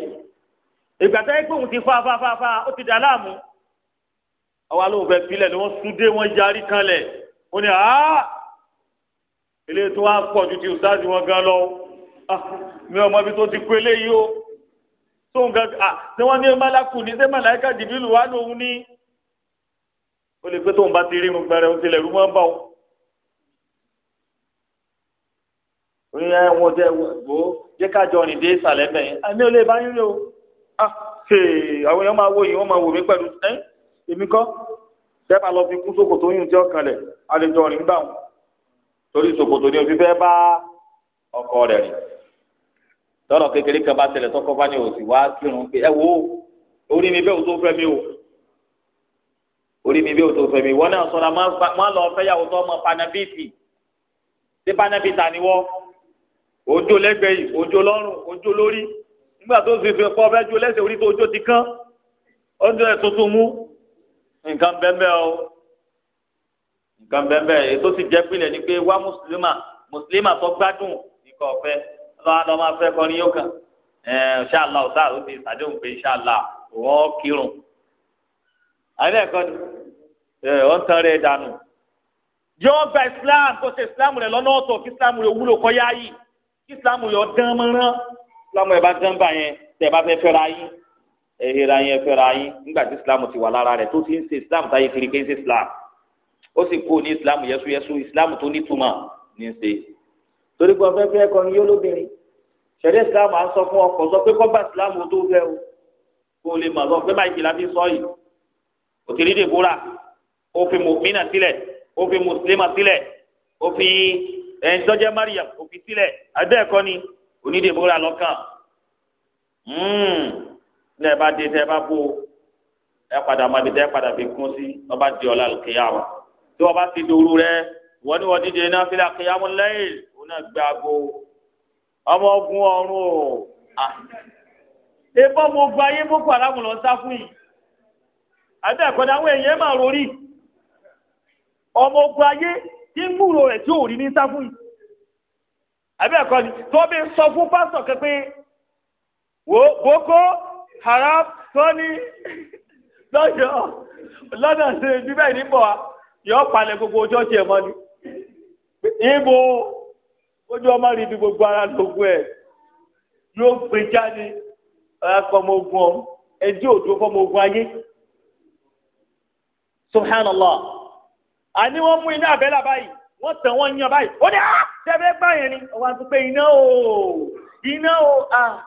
ìgbà tá ẹgbẹ́ òun ti fa fa fa fa ó ti dà láàmú. àwa lóun fẹ́ filẹ̀ ni wọ́n sún dé wọ́n yarí kanlẹ̀ ó ní àá ilé tó wá pọ̀ ju ti ṣáàjì wọn gan lọ ah, mi ò ibi tó ti kú eléyìí o tó ń gan ah ṣé wọ́n ní mọ́lákù ní ṣé màláìka jìbìlù wà lóhun ní ó lè pé tóun bá ti rí irun gbẹrẹ ó tilẹ̀ rú mọ́ ń bọ̀ o oyin ẹ wọn jẹ wo jẹ ká jọ rìn dé ìsàlẹ̀ bẹ́ẹ̀ yẹn mi ò lè bá yín o ah, àwọn èèyàn máa wo yìí wọ́n máa wò mí pẹ̀lú ẹ́ èmi kọ́ sẹ́pà lọ fi kú ṣòkòtò yìí tí ọkàn rẹ̀ a lè jọ rìn gbà wọn torí ṣòkòtò ni òfin fẹ́ bá ọkọ rẹ̀ rìn tọ́lọ̀ kékeré kan bá tẹ̀lé tọ́kọ́ bá ní òsì wá kírun pé ẹ wo orí mi bẹ́ẹ̀ o tó fẹ́ mi o orí mi bí o tó fẹ́ mi wọ́n náà sọ̀rọ̀ má lọ fẹ́yàwó tó ọmọ panabiti ṣé panabita ni wọ́ ojú lẹ́gbẹ̀ẹ́ yìí ojú lọ́rùn ojú lórí nígbà tó fi fi pọ́ fẹ́jú lẹ́sẹ̀ orí tó ojú ti kán ojú ẹ̀ tuntun mú nǹkan bẹ́ẹ̀ o nǹkan bẹ́ẹ̀ ètò sì jẹ́ pínlẹ̀ ni pé wá mùsùlùmá mùsùlùmá tó gbádùn nǹkan ọ̀fẹ́ lọ́wọ́ lọ́ máa fẹ́ kọrin yóò kàn ṣáàlà ọ̀sá àrùn ti ṣàdéhùn pé ṣáàlà ọ̀ kírun. àyẹ̀kọ́ ni ẹ ọ̀ ń tan rẹ̀ dànù. yọ gba islam kó ṣe islam rẹ̀ lọ́nà ọ̀tọ̀ kí islam rẹ̀ wúlò kọ́ yá yìí kí islam rẹ̀ ọ̀ dán mọ́rán islam rẹ̀ bá dán bá yẹn tẹ̀ bá fẹ́ fẹ́ra yín ehera yẹn fẹ́ra yín nígbà tí islam ti wà lára rẹ̀ tó ti ń ṣe islam táyé kiri kí ń ṣe islam ó sì kú ní islam yẹsúyẹsú islam tó nítumọ̀ ní ṣe torí pé ọfẹ́ fẹ́ kọrin yóò lóbìnrin ṣẹ̀dẹ̀ islam à sọ fún ọkọ sọ pé kọ́gbà islam tó fẹ́ o kó lè mọ̀ sọ pé máa jìlá fi sọ yìí òtí rí dèbúrà ó fi mùmínà sílẹ̀ ó fi mùsùlùmá sílẹ̀ ó fi ẹ̀yìn tọ́jẹ́ Mariam ó fi sílẹ̀ adẹ́ẹ̀kọ́ ni onídìbòrà lọ́kàn hmm. ní ẹ bá dé tẹ ẹ bá bó ẹ padà máa di tẹ ẹ padà fi kún sí ọba di ọ̀la kìyàwó tí wọ́n bá ti dòru rẹ wọ́n ní wọ́n dídé náà fi là lẹ́yìn òun náà gbé aago ọmọ ogun ọ̀run o ebọ́ mo gba ayé boko haram lọ sá fún yìí àti ẹ̀kọ́ dáwọ́ èèyàn máa rori ọmọ ogun ayé tí ń gbúrò rẹ̀ tí ò rí ní sáfù sọ fún Boko Haram *laughs* yọ gbogbo ni ibo ojú ọmọ rí ibi gbogbo ara yóò gbé jáde ọmọ ogun òdo fọmọ ogun ayé subhanallah. àní wọ́n mú iná àbẹ́là báyìí wọ́n tàn wọ́n yan báyìí ó ní à ah, tẹ́fẹ́ gbà yẹn ni wọ́n á pé iná o iná o à ah.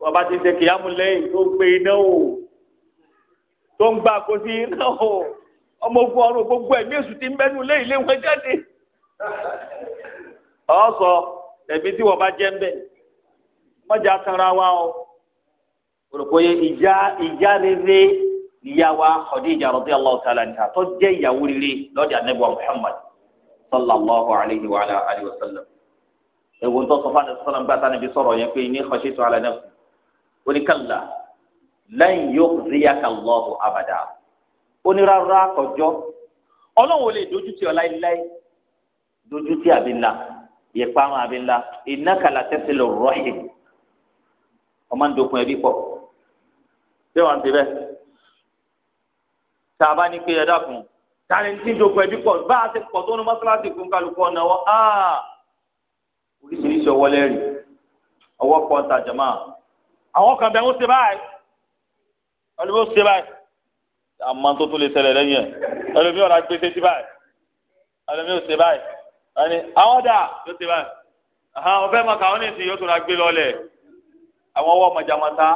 wọ́n bá ti ṣe kìyàmù lẹ́yìn tó ń iná o tó ń gbà kó sí iná o ọmọ ogun ọrùn gbogbo ẹ̀mí èṣù ti ń bẹ́nu lé ilé wọn jáde ọ̀ sọ ẹ̀mí tí wọ́n bá jẹ́ ń bẹ̀ mọ́jà sanra wa o rò pé ìjà ìjà rere níyàwó Khadija radiyallahu ta'ala anha tó jẹ́ ìyàwó rere lọ́dọ̀ anábọ̀ Muhammad sallallahu alayhi wa alayhi wa sallam ewu ń tọ́ sọ fún anábì sọlọ́n bá sanabi sọ̀rọ̀ yẹn pé ní khashitu ala nafsi oníkàlá lan yukhziyaka Allahu abada onírárá kọjọ́ ọlọ́run ò lè dojú tì ọ́ láéláé dojú tì àbí ńlá yẹ̀pàrún àbí ńlá innaka ọmọ ń ẹbí pọ̀ tá a bá ní pé ẹ dákun tani tí ń dogun ẹbí pọ̀ bá a ti pọ̀ tó ní mọ́sálásí fún kálukú ọ̀nà wọn áà oríṣiríṣi ọwọ́ lẹ́rìí ọwọ́ pọ̀ ń tajà máa àwọn kan bẹ̀ ń ṣe báyìí ẹlòmí ó ṣe báyìí àmọ́ tó tún lè ṣẹlẹ̀ lẹ́yìn ẹ̀ ẹlòmí ọ̀rọ̀ agbèsè sí báyìí ẹlòmí ó ṣe báyìí àwọn dà yóò ṣe báyìí àwọn ọ̀fẹ́ mọ̀ káwọn ní yóò tó ra gbé lọ́lẹ̀ àwọn ọwọ́ mọ̀jàmọ́ta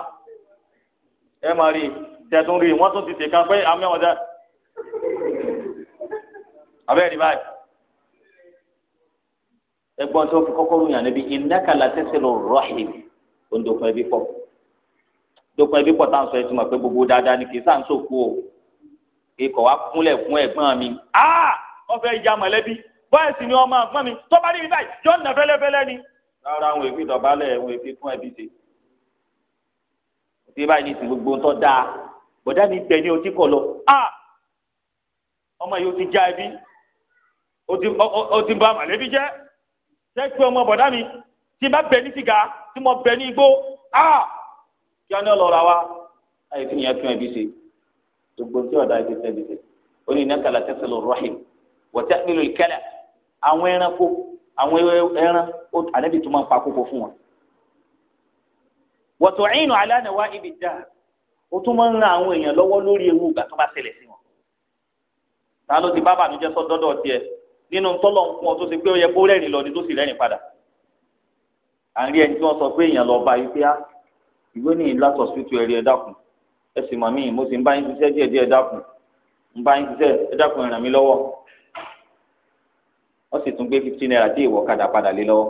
tẹ̀tún rí wọ́n tún ti tẹ̀ kan pé amẹ́wọ̀n dá abẹ́rẹ́ ní báyìí. ẹgbọ́n tó fi kọ́kọ́ rú yàn níbi innaka lataslu rahim ó ń dokun ẹbí pọ̀ dokun ẹbí pọ̀ tá à ń sọ ẹtùmọ̀ pé gbogbo dáadáa ni kì í sá ń sòkú o ikọ̀ wa kúnlẹ̀ fún ẹ̀gbọ́n mi wọ́n fẹ́ ya mọ̀lẹ́bí bọ́ẹ̀ sì ni ọmọ àgbọ́n mi tó bá rí mi báyìí yóò nà fẹ́lẹ́fẹ́lẹ́ ni. rárá àwọn èfi dọ̀bálẹ̀ àwọn èfi fún ẹbí ṣe. ṣé báyìí ní ti gbogbo ń tọ́ dáa bọ̀dá mi tẹ̀ ní otí kọ̀ lọ a ah! ọmọ yìí ó ti já ẹbí ó ti bá màlẹ́bí jẹ́ sẹ́kpẹ́ ọmọ bọ̀dá mi tí bá bẹ̀ ní sìgá tí mo bẹ̀ ní igbó ah! a kí wọn ní ọlọ́ra wa ayé fi yẹn fi hàn ibi ṣe gbogbo tí ọ̀dà ibi ṣe ibi ṣe ó ní iná kàlà tẹ̀sán lọ rọ́ọ̀hìn wọ́tẹ́ nílò ìkẹlẹ̀ àwọn ẹranko àwọn ẹran ànábì tó máa pa kókó fún wọn. wọ́tọ̀ ẹ̀yìn nù alẹ́ àná wá ibi dáa o tún máa ń ran àwọn èèyàn lọ́wọ́ lórí ewu ìgbà tó bá ṣẹlẹ̀ sí wọn. ta ló ti bá bànújẹ́ sọ dọ́dọ̀ tiẹ̀ nínú tọ́lọ̀ ń fún ọ tó ti pé ó yẹ kó rẹ́rìn lọ ni tó sì rẹ́rìn padà. à ń rí ẹni tí wọ́n sọ pé èèyàn lọ bá yìí pé á ìwé ní láti ọ̀sìpìtì ẹ̀rí ẹ̀ ẹ sì mọ̀ mí mo sì ń bá yín ṣiṣẹ́ díẹ̀ díẹ̀ dákun ń bá yín ṣiṣẹ́ ẹ dákun ẹ ràn mí lọ́wọ́ wọ́n sì tún gbé fifteen naira tí ìwọ kadà padà lé lọ́wọ́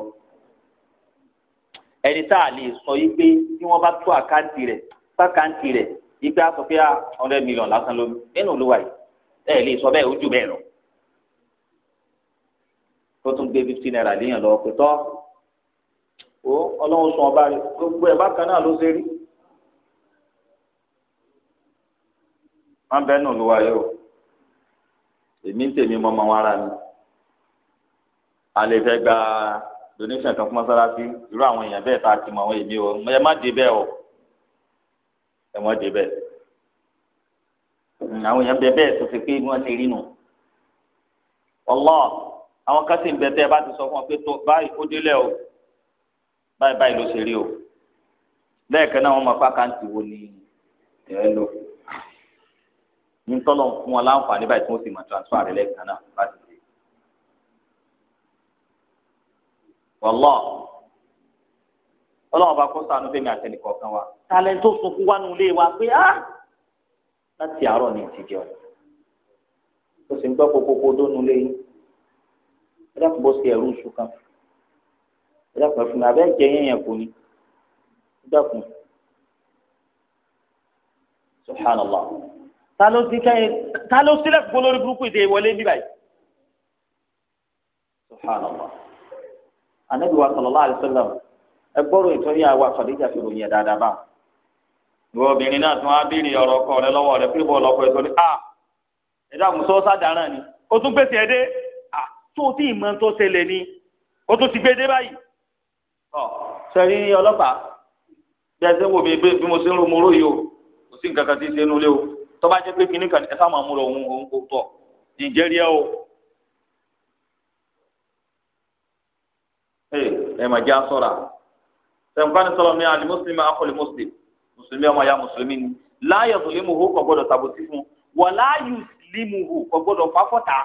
ẹni tá a lè sọ yìí pé tí wọ́n bá tú àkáǹtì rẹ̀ fákàǹtì rẹ̀ ipe aṣọ pé ah, hundred million lásán lómi nínú olúwa yìí ẹ lè sọ bẹ́ẹ̀ ojú bẹ́ẹ̀ lọ. tó tún gbé fifty naira léèyàn lọ pé o ọlọ́run sùn ọba rẹ gbogbo ẹ̀ bákan náà ló ṣe rí. wọ́n bẹ́ẹ̀ nù olúwa yìí o èmi ń tèmi mọ́ ọmọ wọn ara mi a gba donation kan fún mọ́sálásí irú àwọn èèyàn bẹ́ẹ̀ tá a ti mọ̀ àwọn èmi o ẹ má dé bẹ́ẹ̀ o ẹ̀wọ̀n dé bẹ́ẹ̀ àwọn èèyàn bẹ bẹ́ẹ̀ tó fi pé wọ́n ti rí nù ọlọ́ àwọn kan sì ń bẹ tẹ́ ẹ bá ti sọ fún ọ pé tó báyìí ó délẹ̀ o báyìí báyìí ló ṣe rí o lẹ́ẹ̀kan náà wọ́n mọ̀ pé àkáǹtì wo ni ẹ lò ní tọ́lọ̀ ń fún wọn láǹfààní báyìí tí wọ́n sì mọ̀ transfer rẹ̀ lẹ́ẹ̀kan náà láti ṣe. ọlọ́ ọlọ́run bá kó sànú bẹ́ẹ̀ mi àtẹnìkọ̀ọ̀kan wa talẹ̀ tó sunkún wá nu ilé wa pé á ah! láti àárọ̀ ní ìtìjọ́ ó sì ń gbọ́ kókókó dónú ilé yín ẹ dákun bó ṣe ẹ̀rú oṣù kan ẹ dákun ẹ̀fún mi àbẹ́ ẹ̀jẹ̀ yẹn yẹn kò ní ẹ dákun subhanallah ta ló sí kẹ́yìn ta ló sílẹ̀ fún olórí burúkú ìdè ìwọlé bíbáyìí subhanallah anabi wa sallallahu alayhi wa sallam ẹgbọrọ ìtọ́jú àwa Khadija fi ròyìn ẹ̀ dáadáa báwọn ìwọ obìnrin náà tún á béèrè ọ̀rọ̀ ọkọ rẹ lọ́wọ́ rẹ pé bọ́ọ̀lù ọkọ ìtọ́ni a ẹ̀dá kùn sọ́ọ́ sàdárà ni o ah, tún gbèsè ẹ̀ a ah, tó o tí ì mọ tó ṣẹlẹ̀ ni ó tún ti gbé dé báyìí. ọ sẹ́rí ọlọ́pàá bí ẹ ṣe ń bí mo ṣe ń ro mo róye o kò sí nǹkan kan tí ń ṣe nulẹ̀ o tó bá jẹ́ pé kinní kan ẹ sá máa òun òun kò tọ̀ nìjẹ́ríà o. ẹ ẹ mà jẹ́ àsọ̀rà sẹ̀ǹfà ni sọ̀rọ̀ mi àlè mùsùlùmí àkọlé mùsùlùmí mùsùlùmí ọmọ ya mùsùlùmí ni láyọ̀ tó lému hó kò gbọ́dọ̀ tàbùtì fún wọ́n láyù lému hó kò gbọ́dọ̀ fáfọ́tà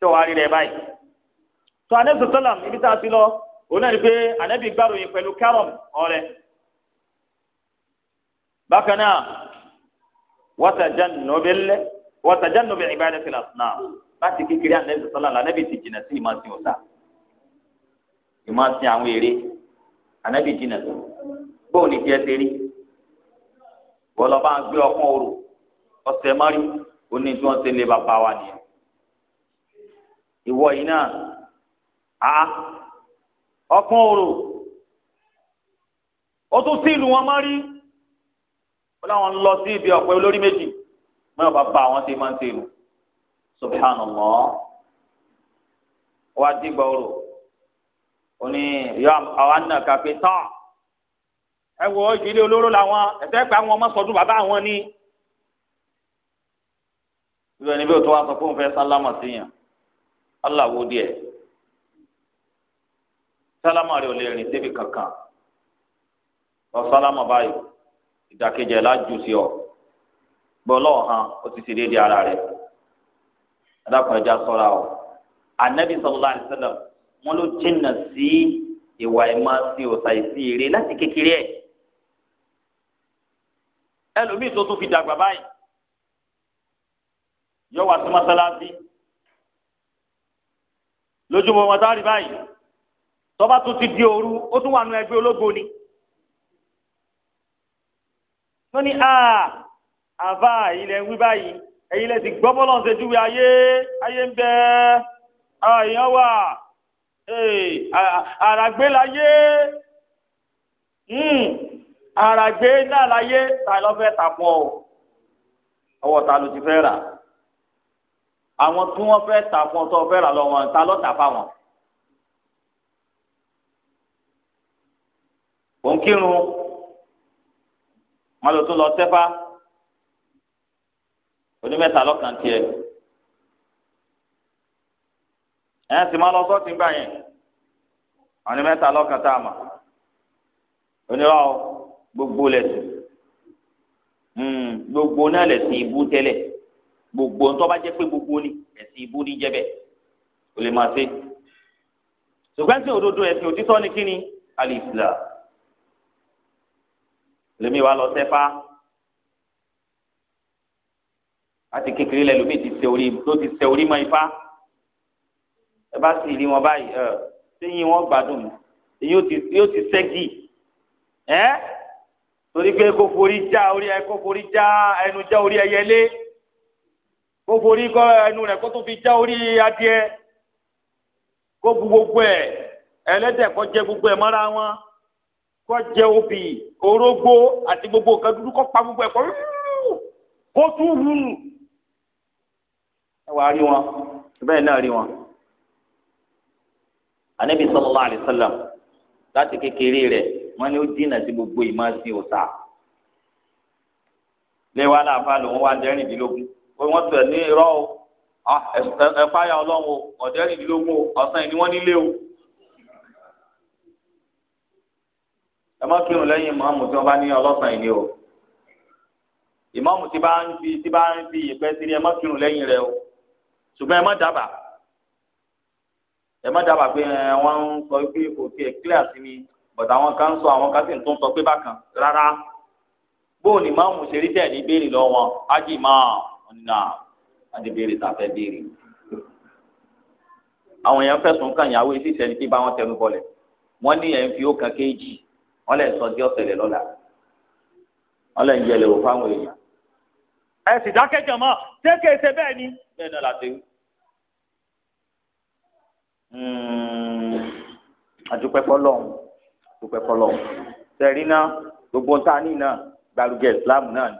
tó wàá rí rẹ̀ báyìí. tó anẹ́sì sọ́là ibi tá a ti lọ òun náà ni pé anẹ́bí gbàròyìn pẹ̀lú kárọ̀m ọ̀rẹ́. bákan náà wọ́tajà nùbẹ̀ ìbáyọ̀ sílẹ̀ náà láti kékeré anẹ́sì sọ́là lànàbì ti jìnà sí ìmọ̀ sí òòtà àwọn èrè anẹ́bì jìnà sí bóun ní tiẹ̀ ṣe rí wọ́n lọ́ọ́ bá ń gbé ọkàn òru ọ̀sẹ̀ mọ́rí ó tí wọ́n ṣe lé bàbá wa nìyẹn ìwọ yìí náà a ọkàn òru ó tún sí ìlú wọn mọ́rí wọ́n láwọn lọ sí ibi ọ̀pẹ olórí méjì mọ́ bàbá àwọn ṣe máa ń ṣe ìlú subhanallah wọ́n á dìgbà òru ó ní yọ àwọn náà kàfé tán ẹ wọ ìdílé olóró làwọn ẹsẹ pé àwọn ọmọ sọdún bàbá àwọn ni. ìlú ẹni bí o tó wá sọ fún un fẹ́ sálámà sí yàn aláwo díẹ̀ sálámà rẹ ò lè rìn débi kankan lọ sálámà báyìí ìdàkejì ẹ̀ lájú sí ọ gbọ́lọ́ hàn ó ti ṣe déédéé ara rẹ̀ adákùnrin já sọ́ra ọ anabi sallallahu alaihi wọn ló jìnnà sí ìwà ìmọ̀ sí òsà ìsí láti kékeré ẹ̀ ẹlòmíì tó tún fi dàgbà báyìí yọ wá sí mọ́sálásí lójúmọ́ wọn sáré báyìí tọ́ba tún ti di òru ó tún wà nù ẹgbẹ́ ológo ni wọ́n ní a àbá ilẹ̀ ń wí báyìí ẹ̀yin lẹ́sìn gbọ́ bọ́lọ̀ ń ṣèjúwe ayé ayé ń bẹ àyàn wà àràgbé láyé. Hmm àràgbé náà láyé ta ló fẹ́ tà fún ọ ọwọ́ ta ló ti fẹ́ rà àwọn tí wọ́n fẹ́ tà fún ọ tó fẹ́ rà lọ́wọ́ ta ló tà fáwọn. òǹkírun wọn lò tún lọ sẹ́fà onímẹ́ta lọ́kàn tiẹ̀ ẹ̀ sì máa lọ sọ́ọ̀tì gbà yẹn onímẹ́ta lọ́kàn tá a mọ̀ onírọ̀ gbogbo lẹ̀sìn hmm, gbogbo náà lẹ̀sìn ibú tẹ́lẹ̀ gbogbo ntọ́ bá jẹ́ pé gbogbo ni ẹ̀sìn ibú ní jẹ́ bẹ́ẹ̀ o lè máa ṣe. ṣùgbọ́n tí òdodo ẹ̀sìn òtítọ́ ni kí ni alìsílà lèmi wa lọ sẹ́fà àti kékeré lẹ lómi ti ṣe orí ló ti ṣe orí mọ ifá ẹ bá sì rí wọn báyìí ẹ ṣéyìn wọn gbádùn yóò ti ṣẹ́gi ẹ́. Eh? torí pé kó forí já orí ẹ kó forí já ẹnu já orí ẹyẹlé kó forí kọ ẹnu rẹ kó tó fi já orí adìẹ kó bu gbogbo ẹ ẹlẹ́dẹ̀ kó jẹ gbogbo ẹ mọ́ra wọn kó jẹ obì orógbó àti gbogbo nǹkan dúdú kó pa gbogbo ẹ kó kó tún rúnù ẹ wàá rí wọn bẹ́ẹ̀ náà rí wọn anabi sallallahu alaihi wasallam láti kékeré rẹ wọ́n ní ó dínà sí gbogbo ìmọ̀ sí òòṣà léwá náà fa lòun wá dẹ́rìndínlógún pé wọ́n tẹ̀ ní irọ́ o ẹ̀fáyà ọlọ́run o ọ̀dẹ́rìndínlógún o ọ̀sán yìí ni wọ́n nílé o. ẹ má kírun lẹ́yìn ìmọ̀ọ́mù tí wọ́n bá ní ọlọ́sàn yìí ni o ìmọ̀ọ́mù tí bá ń fi tí bá ń fi ìpẹ́ sí ni ẹ má kírun lẹ́yìn rẹ o ṣùgbọ́n ẹ má dábàá ẹ má dábàá pé wọ́n ń sọ pé kò tiẹ̀ kílíà sí mi bọ̀dà àwọn kan sọ àwọn kan sì ń tún sọ pé bákan rárá bóun ni máa ń ṣe rí tẹ̀lé béèrè lọ wọn ájì máa wọn ni náà adé béèrè tàfẹ́ béèrè. àwọn èèyàn fẹ̀sùn kàn yàwó etí ìṣẹ́ni pé bá wọn tẹnu bọlẹ̀ wọ́n ní ẹ̀ ń fi ó kan kéèjì wọ́n lẹ̀ sọ dí ọ̀sẹ̀lẹ̀ lọ́la wọ́n lẹ̀ ń yẹlẹ̀ wò fáwọn èèyàn. ẹ sì dákẹ́jọ mọ́ ṣé kèé bẹ́ẹ̀ ni. bẹ́ẹ̀ náà láti rí àdúpẹ́ hmm. fọlọ́run dúpẹ́ kọ́lọ́ sẹ́rí náà gbogbo ń ta ní náà gbàrúgẹ ìsìláàmù náà ni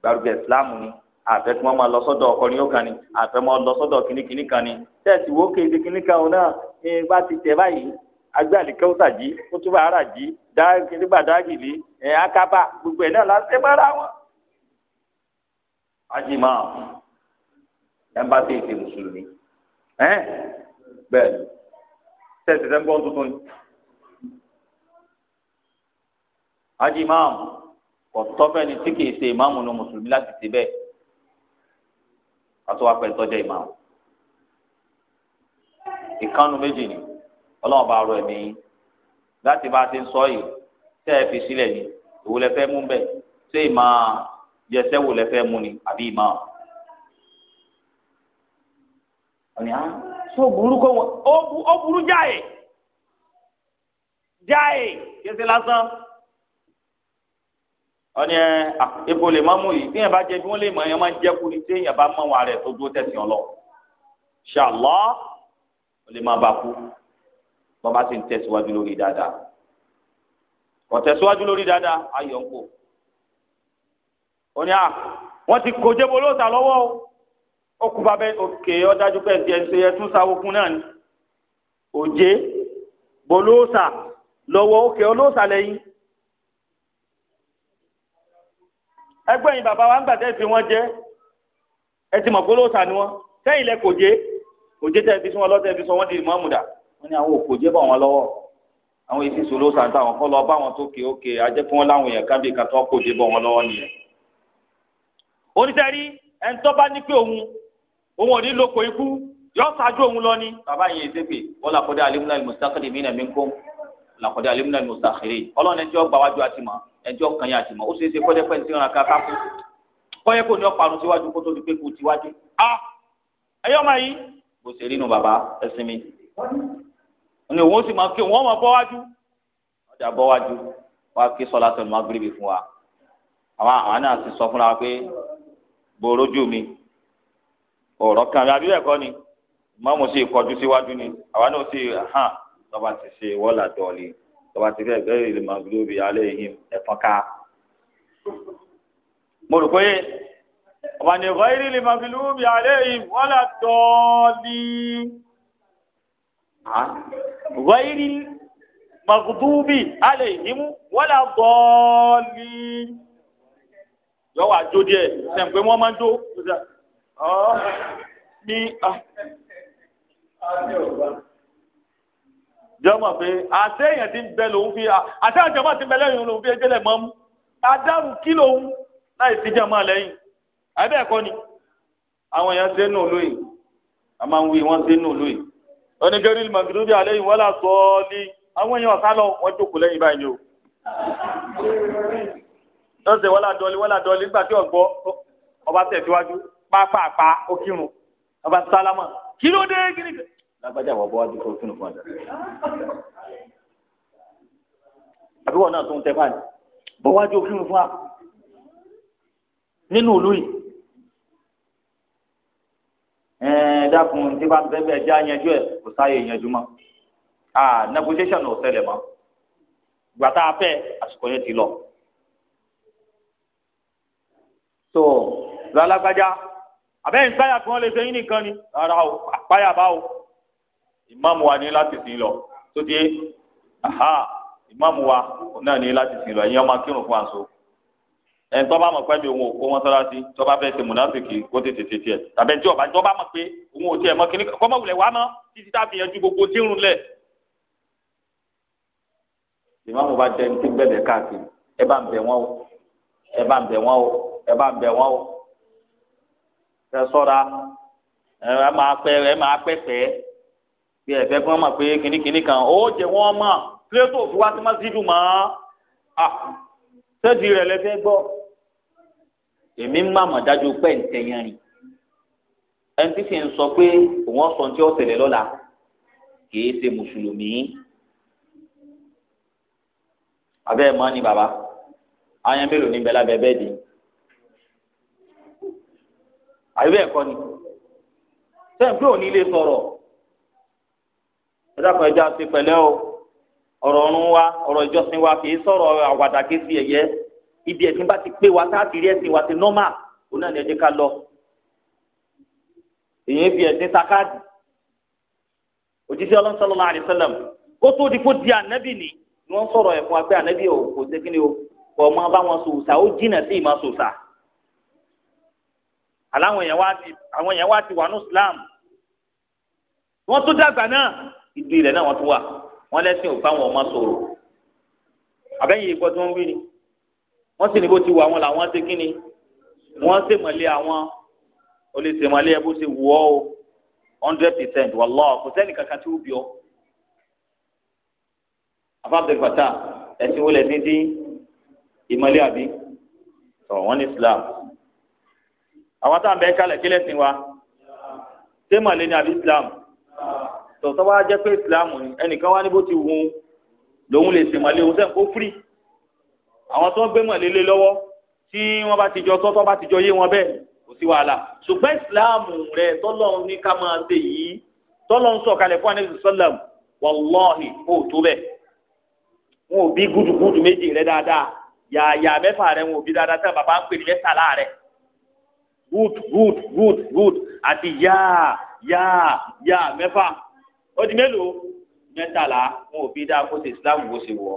gbàrúgẹ ìsìláàmù ni àfẹ́ tí wọ́n máa lọ sọ́dọ̀ ọkọrin yóò kan ni àfẹ́ máa lọ sọ́dọ̀ kìnnìkìnnì kan ni tẹ́ẹ̀sì wo kéde kìnnìkan o náà ní bá ti tẹ̀ báyìí agbáàlì kẹwùsà jí kútùbà ara jí dáàgìlígbà dáàgìlí ẹ akábà gbogbo ẹ náà la ṣe máa ra wọn. ajima ẹnbàtì ètè mùsùlùmí ẹ bẹ́ẹ̀ tẹsí tẹ tuntun ni. hajj ìmáàmù kò tọ́fẹ́ni tí kìí ṣe ìmáàmù ní mùsùlùmí láti ṣe bẹ́ẹ̀ kátó wá pẹ̀lú tọ́jà ìmáàmù. ìkànnù méjì ni ọlọ́run bá rọ ẹ̀mí yín láti bá a ti ń sọ yìí tẹ́ ẹ fi sílẹ̀ ni èwo lẹ fẹ́ mú bẹ́ẹ̀ ṣé ìmọ̀ yẹsẹ́ wo lẹ fẹ́ mú ni àbí ìmọ̀ ọ̀nìyà tó burú kó wọn ó burú jáì jáì yẹsẹ lásán ọni ẹ ebo lè mọ mú yìí tí yẹn bá jẹ bí wọn lè mọ yẹn máa ń jẹkú ni tí yẹn bá mọ wọn rẹ tó dúró tẹsán ọ lọ ṣàlọ ó lè máa bá kú wọn bá sì ń tẹsíwájú lórí dáadáa kò tẹsíwájú lórí dáadáa ayọ̀ ń kó ó ní à wọn ti kó jẹ́bo lóòótá lọ́wọ́ o ó kú bá bẹ́ẹ̀ òkè ọ̀dájú pé ẹ̀ ṣe ẹ̀ tún sáwókun náà ni òjé bolóòótá lọ́wọ́ òkè olóòótá lẹ́yìn. ẹgbẹ́ yìí bàbá wa ń gbàtẹ́ fi wọ́n jẹ́ ẹ ti mọ̀ pé lóòótá ni wọ́n sẹ́yìn lẹ kòjé kòjé tẹ́ fi sún wọn lọ́tẹ́ fi sọ wọ́n di mọ́mùdà wọ́n ní àwọn òkòjé bọ̀ wọ́n lọ́wọ́ àwọn èsì sọ lóòótá níta àwọn kọ́ lọ bá wọn tó ké ókè ajẹ́ fún wọn láwọn èèyàn kábí kàtọ́ kòjé bọ̀ wọ́n lọ́wọ́ nìyẹn. oníṣẹ́rí ẹni tó bá ní pé òun òun ò ní lóko ikú yọ ni bàbá yẹn èsèpè wọ́n làkọ́dá alimúnà mustaqdimina làkọ̀dé alimina ni musa xèrè ọlọ́run ẹjọ́ gbàwájú àti mọ̀ ẹjọ́ kanyà àti mọ̀ ó ṣeé ṣe kọ́jẹ́ pẹ́ ní ti ràn ká ká kú kọ́yẹ́ kò ní ọ̀parun síwájú kó tó di pé kò tiwájú. ẹyọ́ máa yí bó ṣe rí nu bàbá ẹsìn mi ní òun sì máa kí òun máa bọ́ wájú ọjà bọ́ wájú wá kí sọlá tó máa gbé fún wa àwọn àwọn náà sì sọ fúnra wa pé gbòòrò mi ọ̀rọ̀ kan àbí bẹ́ẹ̀ kọ́ ni mọ́mú sì kọjú síwájú ni àwa náà sì hàn tọ́ba ti ṣe wọ́là dọ̀ọ̀lì tọ́ba ti fẹ́ gbẹ́rẹ́ ìlú maglobi alẹ́ yìí ẹ̀fọn ká. mo rò pé ọba ní gbẹ́rẹ́ ìlú maglobi alẹ́ yìí wọ́là dọ̀ọ̀lì. gbẹ́rẹ́ maglobi alẹ́ yìí wọ́là dọ̀ọ̀lì. yọ wá jó díẹ̀ sẹ́n pé wọ́n máa ń jó ní jọmọ pé àtẹ̀yìn ti ń bẹ lòun fi àtẹ̀yìn jọmọ ti ń bẹ lẹ́yìn lòun fi ẹjẹ́lẹ̀ mọ́ mú adarú kí lòun láì sí jọmọ lẹ́yìn àbẹ́ ẹ̀kọ́ ni àwọn èèyàn ṣe ń nù lóyè a máa ń wí wọ́n ṣe ń nù lóyè onígẹ́rì màgídúbí àlẹ́yìn wọ́n là sọ ọ́ ní àwọn èèyàn ọ̀sá lọ wọ́n jókòó lẹ́yìn báyìí o lọ́sẹ̀ wọ́n là dọ́lé wọ́n là dọ́lé nígbà tí ọ̀gbọ́ ọba tẹ̀síwájú pápá àpá ó kírun ọba sálámà kí ló dé gírígì lágbájá wọ̀ bọ́ wájú kó sínú fún ọ̀dà. àbíwọ̀ náà tó ń tẹ́ fáàlì bọ́ wájú sínú fún wa nínú ìlú yìí. ẹ̀ẹ́n dákun tí bá ń bẹ́ẹ̀ já yanjú ẹ̀ kò sáyè yanjú mọ́ ah negotiation ò ṣẹlẹ̀ mọ́ gbàtà afẹ́ àsìkò yẹn ti lọ. so lálágbájá àbẹ́yìn sáyà kí wọ́n lè ṣe yín nìkan ni rárá o àpáyà bá o ìmáàmù wa ní láti sìn lọ tó dé aha ìmáàmù wa náà ní láti sìn lọ ìyẹn ọmọ akírun fún àṣọ ẹni tó bá mọ̀ pé mi òun ò kó wọn sọ́ra sí tó bá fẹ́ ṣe mùnásìkì kó tètè tètè ẹ̀ tàbí tí ọba tó bá mọ̀ pé òun ò tiẹ̀ mọ́ kíní kọ́mọ wulẹ̀ wá mọ́ títí tá a fi yanjú gbogbo tí ń rún lẹ̀. ìmáàmù bá jẹ́ ní tí gbẹ̀dẹ̀ káàkiri ẹ bá ń bẹ̀ wọ́n o ẹ bá ń bẹ̀ wọ́n o ẹ bá ń bẹ̀ wọ́n o ẹ sọ́ra ẹ máa pẹ́ ẹ máa pẹ́ pẹ́ bí ẹ̀fẹ́ kí wọ́n mọ̀ pé kìnnìkìnnì kan ó jẹ wọ́n mọ̀ pléto òfin wá sí mọ́sídù mọ́ à sẹ́ẹ̀dì rẹ̀ lẹ́fẹ́ gbọ́ èmi ń má mọ̀ dájú pé ń tẹ̀yàn rìn ẹni tí sì ń sọ pé òun ọ̀sán tí ó tẹ̀lé lọ́la kìí ṣe mùsùlùmí abẹ́ ẹ̀ mọ́ ni bàbá ayan mélòó ni bẹ́ẹ̀ lábẹ́ bẹ́ẹ̀ di àbí bẹ́ẹ̀ kọ́ ni sẹ́ẹ̀ òní lè sọ̀rọ̀. ẹdáàkọ ẹjọ àti pẹ̀lẹ́ o Ọrọ ọrùn wa ọrọ ìjọsìn wa kì í àwàdà ibi ẹ̀sìn bá ti pé wa tá a ti rí wa ti nọ́mà òun náà ni ẹjẹ ká lọ èyí fi ẹ̀sìn sakáàdì òjíṣẹ́ Ọlọ́run kó tó di di ànábì ni ni wọ́n sọ̀rọ̀ ànábì ò o kò bá wọn ó jìnà sí ìmọ̀ aláwọn èèyàn wá ti àwọn èèyàn ìdí rẹ̀ náà wọ́n tún wà wọ́n lẹ́sìn òkú àwọn ọmọ sọ̀rọ̀ àbẹ́yìn ìgbọ́ tí ń wí ni wọ́n sì ní bó ti wà wọn làwọn ṣe kí ni wọ́n ṣèmọ̀lẹ́ àwọn o lè ṣèmọ̀lẹ́ ẹ bó ṣe wù ọ́ o hundred percent wallahi kò sẹ́ni kankan tí ó bí ọ. afáàbẹ̀ fata ẹ̀sìn wọlé ní dín ìmọ̀lẹ́ àbí sọ̀rọ̀ wọn ní Islam àwọn táwọn bẹ́ẹ̀ kálẹ̀ kílẹ̀ sìn wa ṣé mọ̀lẹ́ ni àbí Islam tọ̀tọ̀ wá jẹ́ pé ìsìláàmù ni ẹnìkan wá ní bó ti wù ú lòun lè sèmọ̀lé òun sẹ́ǹkó fírì àwọn tó ń gbé mọ̀lélé lọ́wọ́ tí wọ́n bá ti jọ tọ́tọ́ bá ti jọ yé wọn bẹ́ẹ̀ kò sí wàhálà ṣùgbọ́n ìsìláàmù rẹ tọ́lọ̀ ní ká máa ṣe yìí tọ́lọ̀ ń sọ̀kalẹ̀ fún anẹ́sì sọ́lẹ̀m wàlọ́ọ̀hì ó tó bẹ̀ wọn ò bí gúdùgúdù méjì rẹ dáadáa yàyà mẹ́fà rẹ wọn ò bí dáadáa tẹ́ bàbá ń pè ní mẹ́tàlá rẹ gúd ó di mélòó mẹ́tàlá wọn ò fi dáa kó ṣe islam bó ṣe wọ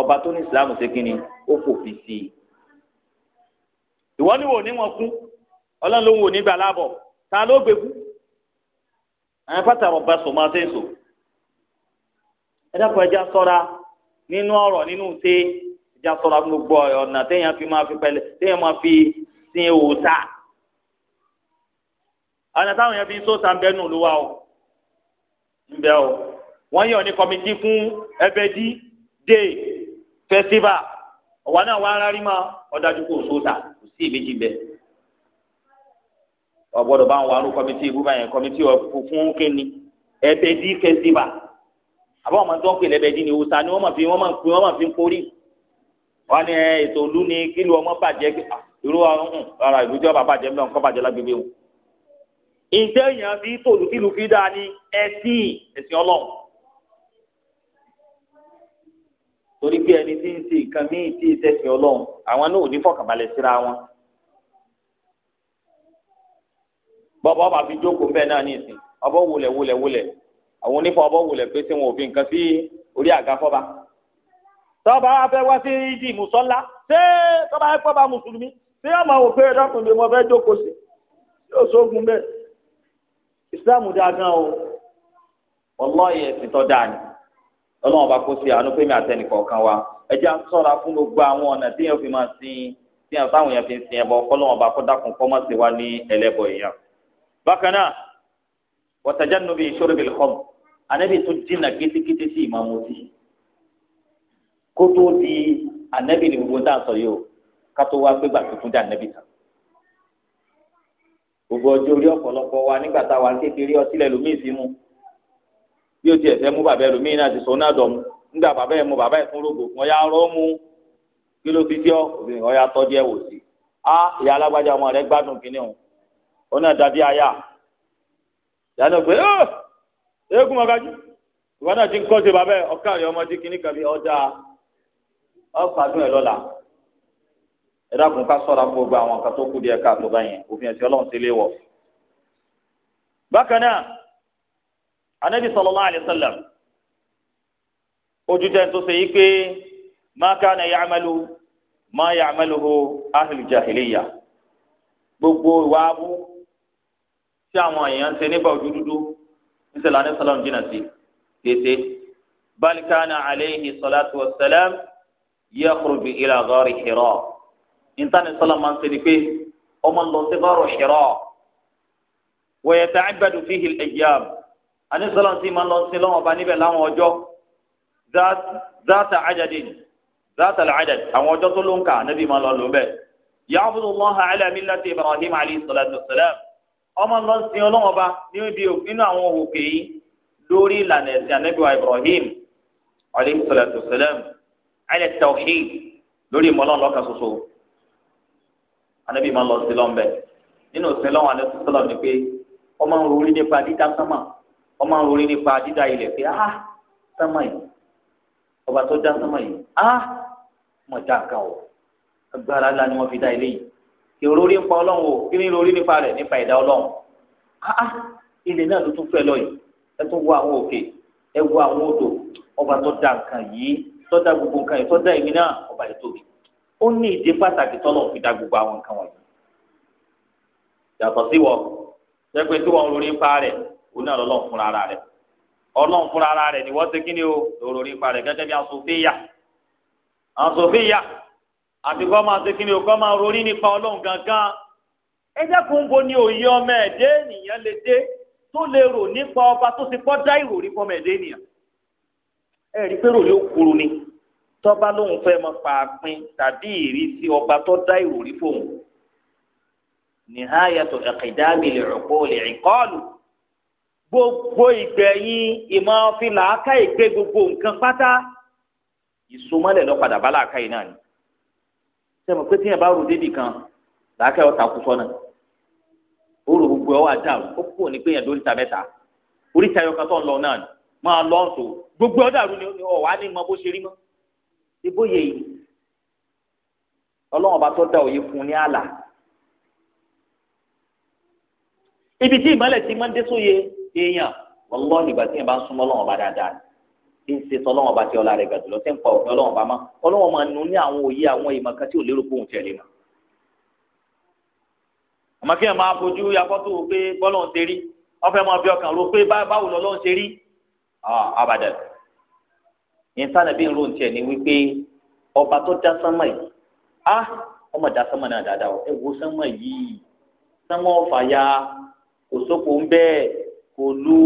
ọba tó ní islam ṣe kínni ó kò fi sí i ìwọ ni wò ní wọn kú ọlọ́run ló ń wò ní gbà láàbọ̀ ta ló gbé kú àwọn pátá ọba sọ máa ṣe é sọ ẹ dákun ẹja ṣọ́ra nínú ọ̀rọ̀ nínú ṣe ẹja ṣọ́ra gbogbo ọ̀nà téèyàn fi máa fi pẹ̀lẹ́ téèyàn máa fi sin òòṣà ọ̀nà táwọn yẹn fi sóòṣà ń bẹ́nu ló wà o ńbẹ o wọ́n yàn ní kọ́mítì fún ẹbẹdí dé fẹsíbà ọwọ náà wà rárí mọ ọdájú kò sóòtà kò sí ìmẹjì bẹ ọgbọ́dọ̀ bá ń wà ní kọ́mítì ìbú báyẹn kọ́mítì fún kínní ẹbẹdí fẹsíbà àbáwọn ọmọ tó ń pè lẹbẹdí ni òòsà ni wọ́n mọ̀ fi wọ́n mọ̀ fi wọ́n mọ̀ fi ń kórì wọ́n ní ètò olú ni kílù ọmọ bàjẹ́ ah, irú ọrùn hmm, rárá ìlú tí wọ́n bá bàjẹ́ ńlọ nǹkan bàjẹ́ lágbègbè wọn ìjẹ́ èèyàn fi tòlù tìlù fi dáa ní ẹ̀sìn ẹ̀sìn ọlọ́run. torí pé ẹni tí ń ṣe nǹkan míì tí ì tẹ̀sìn ọlọ́run àwọn náà ò ní fọkànbalẹ̀ síra wọn. bọ́bọ́ bá fi jókòó bẹ́ẹ̀ náà ní ìsìn ọbọ̀ wulẹ̀ wulẹ̀ wulẹ̀ àwọn onífọ̀ ọbọ̀ wulẹ̀ pé tí wọn ò fi nǹkan sí orí àga fọ́ba. tọ́ba wa fẹ́ wá sí ìdí mùsọ́lá ṣé tọ́ba wa fẹ́ mùsùlùmí ṣé ọmọ òfin ẹ̀dọ́kùnrin ìsìláàmù dáa o wallahi ẹ̀sìn tó dáa ni ọlọ́run ọba kó sí àánú pé mi àtẹnì kọ̀ọ̀kan wa ẹ jẹ́ sọ́ra fún gbogbo àwọn ọ̀nà tí yẹn fi máa sin tí yẹn táwọn yẹn fi sin ẹbọ ọlọ́run ọba kó dákun kọ́ mọ́ sí wa ní ẹlẹ́bọ èèyàn. bákan náà wa tajannubi shurbil khamr anabi tó dínà kétékété sí ìmọ̀ mọ́tì kó tó di anabi ní gbogbo dáa sọ yìí o ká tó wá gbégbà tuntun dé anabi kan. gbogbo ọjọ́ orí ọ̀pọ̀lọpọ̀ wa nígbà tá a wà kékeré ọtí mụ lómi ìfimú bí o tiẹ̀ fẹ́ mú bàbá ẹlòmíín náà ti sọ náà dọ̀mú nígbà bàbá ẹ̀ mú rògbò ọ̀yà wò sí a ìyá alágbájá ọmọ rẹ gbádùn kínní o ó náà dàbí aya eégún ti ń kọ́ sí bàbá ẹ dákun ká sọ̀rọ̀ fún gbogbo àwọn kan tó kù díẹ̀ káàtó báyẹn òfin ẹ̀sìn ọlọ́run ti lé wọ̀. bákan náà anabi sallallahu alayhi wa sallam ojú tẹ́ tó ṣe yí pé ma kana ya'malu ma ya'maluhu ahlul jahiliya gbogbo ìwà abú tí àwọn èèyàn ń ṣe nípa ojú dúdú níṣẹ́ lànà sọlọ́m jìnnà sí kété bal kana alayhi salatu wa salam yakhruju ila ghari hira níta ni sọlá máa ń ṣe ni pé ọmọ lọ sí bọ́ọ̀rọ̀ ṣẹ̀rọ̀ wọ̀nyẹ̀ tá àgbàdo fi hìl ẹ̀yàm àní sọlá ń sì máa lọ sí lọ́wọ́ ọba níbẹ̀ láwọn ọjọ́ zaata ajadin zaata lacadad àwọn ọjọ́ tó ló ń kà níbi máa lọ lò bẹ́ẹ̀ yàgùdù lọ́hà ala millati ibrahim alayhi salatu wasalam ọmọ lọ sí ọlọ́wọ́ ọba nínú àwọn òkè yìí lórí ìlànà ẹ̀sìn anábìwá ibrahim alayhi salatu wasalam ala tawhid lórí ìmọ̀lọ́ọ̀lọ́ka ṣoṣo anabi máa lọ sí lọ́nbẹ̀ nínú sílọ́n anabi sọ̀rọ̀ ni pé ọmọ ń rori nípa dídá sánmà ọmọ ń rori nípa dídá ilẹ̀ pé ah sánmà yìí ọba tó dá sánmà yìí ah mọ̀ dá nǹkan o agbára ńlá ni wọ́n fi dá ilé yìí kì í rori nípa ọlọ́run o kí ni rori nípa rẹ̀ nípa ẹ̀dá ọlọ́run ah ah ilẹ̀ náà ló tún fẹ́ lọ yìí ẹ tún wo àwọn òkè ẹ wo àwọn odò ọba tó dá nǹkan yìí tó dá gbogbo nǹkan yìí tó dá èmi náà ọba yìí ó ní ìdí pàtàkì tọ́lọ̀ fi da gbogbo àwọn nǹkan wọ̀nyí. yàtọ̀ sí wọ jẹ́pẹ́ tí wọ́n rorí pa rẹ̀ òun náà lọ́lọ́run fúnra ara rẹ̀ ọlọ́run fúnra ara rẹ̀ ni wọ́n ti kí ni o rorí pa rẹ̀ gẹ́gẹ́ bí asòfíyà asòfíyà àti kọ́ máa ti kí o kọ́ máa rorí nípa ọlọ́run gangan ẹ dẹ́kun bo ni òye ọmọ ẹ̀dẹ́ ènìyàn lè dé tó lè rò nípa ọba tó ti kọ́ dá ìròrí fọmọ ẹ̀dẹ́ ènìyàn ẹ rí pé ròrí ó ni tọ́ba lóun fẹ́ mọ pàápín tàbí ìrísí ọba tó dá ìwòrí fóun nìháyàtò ẹ̀kẹ́dáàmì lè rọ̀pọ̀ lè rìn kọ́ọ̀lù gbogbo ìgbẹ̀yìn ìmọ̀ fìlà aká ìgbé gbogbo nǹkan pátá ìsomọ́lẹ̀ lọ padà bá làákà yìí náà ni sẹ́mi pé tíyẹn bá rò débì kan làákà yóò takú sọ́nà ó rò gbogbo ẹ̀ wá dàrú ó kúrò ní pé yẹn dóríta mẹ́ta oríta yọkan tó ń lọ náà ni máa lọ́ọ̀tò gbogbo ọ̀dàrú ni ọ̀wá ní mọ bó ṣe rí mọ́ ibóyè yìí ọlọ́run ọba tó dá òye fún un ní àlà ibi tí ìmọ̀lẹ̀ ti máa ń dé sóye èèyàn wọ́lọ́ nígbà tí yẹn bá ń súnmọ́ ọlọ́run ọba dáadáa kí n ṣe sọ ọlọ́run ọba tí ọlá rẹ̀ gàdúrà tẹ́ ń pa òfin ọlọ́run ọba mọ́ ọlọ́run máa nù ní àwọn òye àwọn ìmọ̀ kan tí ò lérò pòun tẹ̀lé mọ́ àmọ́ kí yẹn máa fojú yakọ́tò pé bọ́lọ́run ṣe rí wọ́n fẹ́ máa fi ọkàn ro pé báwo lọ́lọ́run ṣe rí àbàdàn ah, ìsànà bí irú tiẹ̀ ni wípé ọba tó dá sánmà yìí á ọmọ dá sánmà náà dáadáa ẹ wo sánmà yìí sánmà ọ̀fàyà kò sóko ń bẹ́ẹ̀ kò lu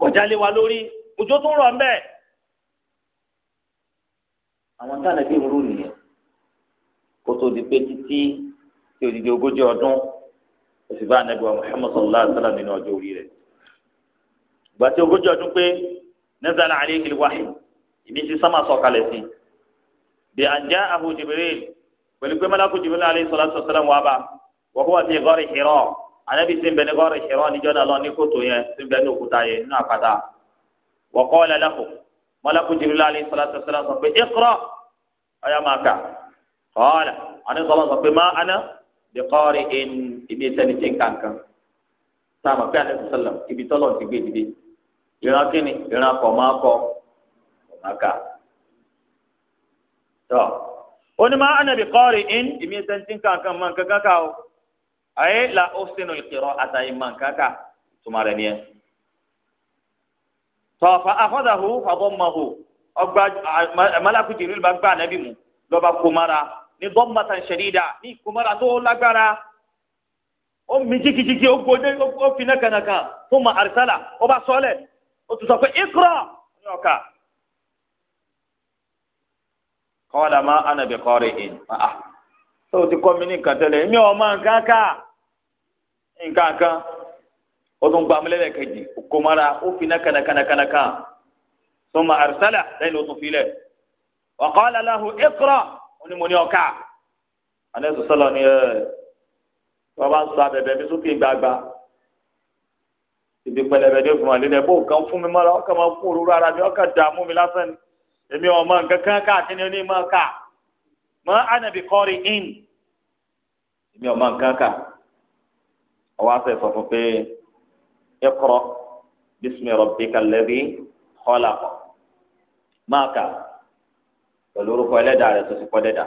kọjá wa lórí òjò tó rọ̀ ń bẹ́ẹ̀. àwọn sànà bí irú nìyẹn kó tó di pé títí tí odidi ogójì ọdún òsì bá sallam nínú ọjọ́ orí rẹ̀ gbàtí ogójì ọdún pé ìmí ti sámà sọ̀kalẹ̀ sí bí àjá ahu jibril pẹ̀lú pé mọ́lákù jibril alayhi salatu wasalam wà bá wọ́n kó wà sí gọ́ọ̀rì hìrọ̀ anabi sin bẹ ní gọ́ọ̀rì hìrọ̀ níjọ́ náà lọ ní kótó yẹn sin bẹ ní òkúta yẹn nínú àpáta wọ́n kọ́ ọ̀lẹ́ lẹ́kọ̀ọ́ mọ́lákù jibril alayhi salatu wasalam sọ pé iqra ọ̀yà máa kà kọ́ọ̀lẹ̀ anabi sọ pé má ana bí kọ́ọ̀rì in ibi sẹ́ni tí kankan sáà pé anabi sọ̀lọ̀ ibi tọ́lọ̀ ti gbé dìde ìran kíni ìran kọ̀ máa kọ́ maka tọ ó ní máa anabi kọ́ọ̀rì in ìmí ẹsẹ̀ ti ń ka nǹkan mọ̀ nǹkan kankan o ayé la ó sinú ìkìrọ̀ àtàyè mọ̀ nǹkan kan tuma rẹ̀ ni ẹ tọ fa afọ́dàhù fàbọ́mọ̀hù ọgbà malaku Jibril bá gbà anabi mu lọ́ba kumara ní dọ́mbàtà ṣẹ̀dídà ní kumara tó lágbára ó mi jikijiki ó gbóde ó fi nákànàkàn fún ma àrísálà ó bá sọ́lẹ̀ ó tún sọ pé ìkúrọ̀ ní ọ̀ka kọ́lá má ànàbì kọ́rì in ah tó ah. o ti kọ́ mi ní nǹkan tẹ́lẹ̀ mi ò mọ nǹkan ká nǹkan kan o tún gba amúlẹ̀lẹ̀ kejì kò mara ó fi ná kànàkànàkànàkàn sọmọ àrísálà lẹ́yìn ló tún filẹ̀ wa qala lahu iqra onímọ̀ní ọ̀ka anẹ́sọ̀ sọlọ ni ẹ wọ́n bá ń sọ abẹ́bẹ́ mi sókè gbagba ibi pẹlẹbẹ ní òfin wà lẹ́nu ẹ̀ bó kàn fún mi mọ́ra ọkàn máa fún òróró ara mi ọkàn dààmú mi lásán ni èmi ọmọ nǹkan kan ká kí ni onímọ̀ ká mọ ànàbì kọ́rin in èmi ọmọ nǹkan ká ọwọ́ àṣẹ sọ fún pé iqra bismi rabbikal ladhi khalaq máa kà pẹ̀lú orúkọ ẹlẹ́dàá rẹ̀ tó ti kọ́ dẹ́dà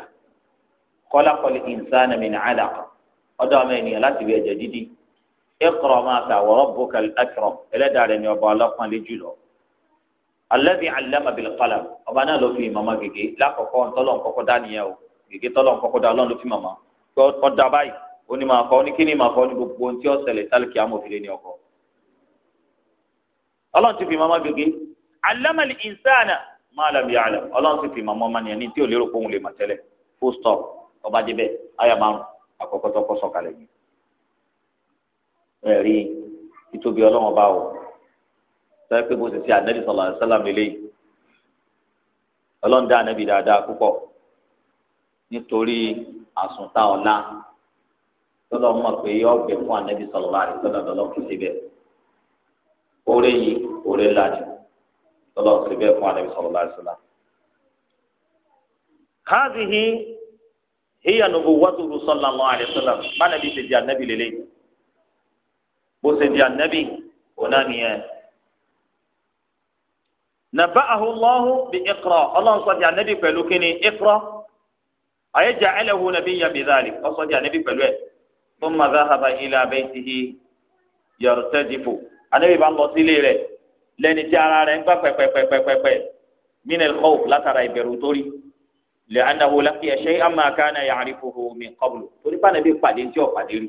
khalaqal insana min alaq ọ̀dọ́ ọmọ ènìyàn láti bí ẹ̀jẹ̀ dídì iqra máa kà wa rabbukal akram ẹlẹ́dàá rẹ̀ ni ọba ọlọ́pàá lé jùlọ alladhi allama bil qalam ọba náà ló fi màmá gègé lákọ̀ọ́kọ́ tọ́lọ̀ kọ́kọ́ dá nìyẹn o gègé tọ́lọ̀ kọ́kọ́ dá ọlọ́run ló fi màmá kọ́ da báyìí oní máa kọ́ ní kíní máa kọ́ ní gbogbo ohun tí ó ṣẹlẹ̀ sálùkì amòfilé ní ọkọ̀ ọlọ́run ti fi màmá gègé allama al insana ma lam ya'lam ọlọ́run ti fi màmá ọmọ nìyẹn ní tí ò lérò lè mà tẹ́lẹ̀ sọ pé bó ti ṣe ànábì sọlá sálàmù eléyìí ọlọ́run dá ànábì dáadáa púpọ̀ nítorí àsùntà ọ̀la tọ́lọ́ mọ̀ pé ọ̀bẹ fún ànábì sọlá rẹ̀ tọ́lọ́ tọ́lọ́ fi síbẹ̀ oore yìí oore ńlá ni tọ́lọ́ síbẹ̀ fún ànábì sọlá rẹ̀ sọlá. káàdìhì hiya nubuwwatuhu sallallahu alaihi wasallam bá nàbí ṣe di ànábì lélẹ́yìí bó ṣe di ànábì òun nìyẹn naba'ahu Allahu bi iqra ọlọ́run sọ di anabi pẹ̀lú kíni iqra ayé jẹ ẹlẹ́hu nabiyyan bi dhalik ọ sọ di anabi pẹ̀lú ẹ̀ thumma dhahaba ila baytihi yartajifu anabi bá lọ sílé rẹ̀ lẹ́ni tí ara rẹ̀ ń gbà pẹ́pẹ́pẹ́pẹ́pẹ́ minal khawf látara ìbẹ̀rù torí li'annahu laqiya shay'an ma kana ya'rifuhu min qablu torí pa anabi pàdé tí ò pàdé rí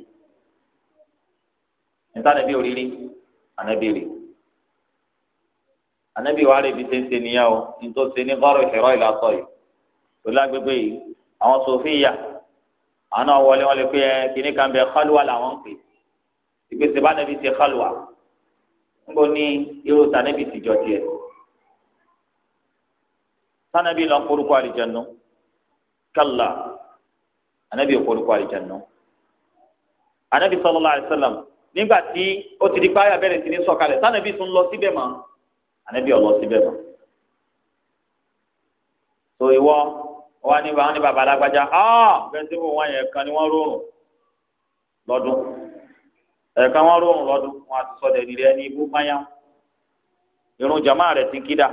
ò rí rí anabi anabi wa rẹ bi ṣe ń ṣe nìyẹn o nítorí ṣe ní kọrọ ìṣẹrọ ìlàsọ yìí tòlá gbégbé yìí àwọn sofiya àwọn náà wọlé wọn lè pé ẹ kíní kan bẹ khalwa làwọn ń pè ìgbésẹ̀ bá anabi ṣe khalwa ń bọ ní irú tànàbì tìjọ tiẹ̀ tànàbì lọ kórukọ àlìjẹnu kálá anabi kórukọ àlìjẹnu anabi sallallahu alaihi wasallam nígbà tí ó ti di pé ayé abẹ́rẹ́ ti ní sọ̀kalẹ̀ tànàbì tún lọ síbẹ̀ mọ́. ànábì ọlọ síbẹ̀ mọ́ so ìwọ wọn ní wọn ní baba alágbájá ọ bẹntì wọn wọn yẹn kan ni wọn rọrùn lọ́dún ẹka wọn rọrùn lọ́dún wọn àti sọdẹ nílẹ ní ibú mayá irun jama rẹ ti kí dà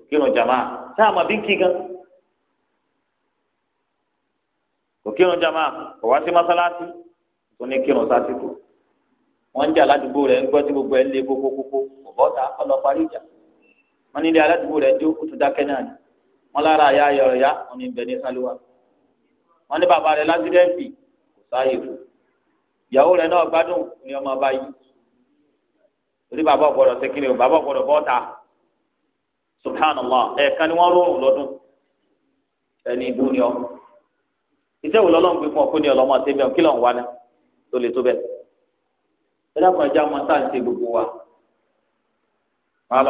òkìrun jama sáà mà bí kí gan òkìrun jama kò wá sí mọ́sálásí tó ní kírun sásìkò. wọ́n ń jà aládùúgbò rẹ̀ ń gbọ́ tí gbogbo ẹ̀ ń lé kókókókó bọ̀bọ̀ ta kọ́lọ́ parí ìjà wọ́n nílé aládùúgbò rẹ̀ ń jó kó tó dákẹ́ náà ni wọ́n lára àyà ayọ̀rọ̀ yá wọ́n ní bẹ̀ ní sálúwà wọ́n ní bàbá rẹ̀ lásìdẹ́ǹtì kò sáàyè fún ìyàwó rẹ̀ náà gbádùn ní ọmọ ọba yìí torí bàbá ọ̀gbọ́dọ̀ sẹ́kìnì o bàbá ọ̀gbọ́dọ̀ bọ́ta subhanallah ẹ̀ẹ̀kan ni wọ́n rọrùn lọ́dún ẹni ìbú ni ọ iṣẹ́ wo lọ́lọ́run gbé fún ọ kó ní ọlọ́mọ àti ẹ̀mí ọ kí lọ́n wá ẹlẹ́kọ̀ọ́ ẹja ọmọ tá à ń ṣe gbogbo wa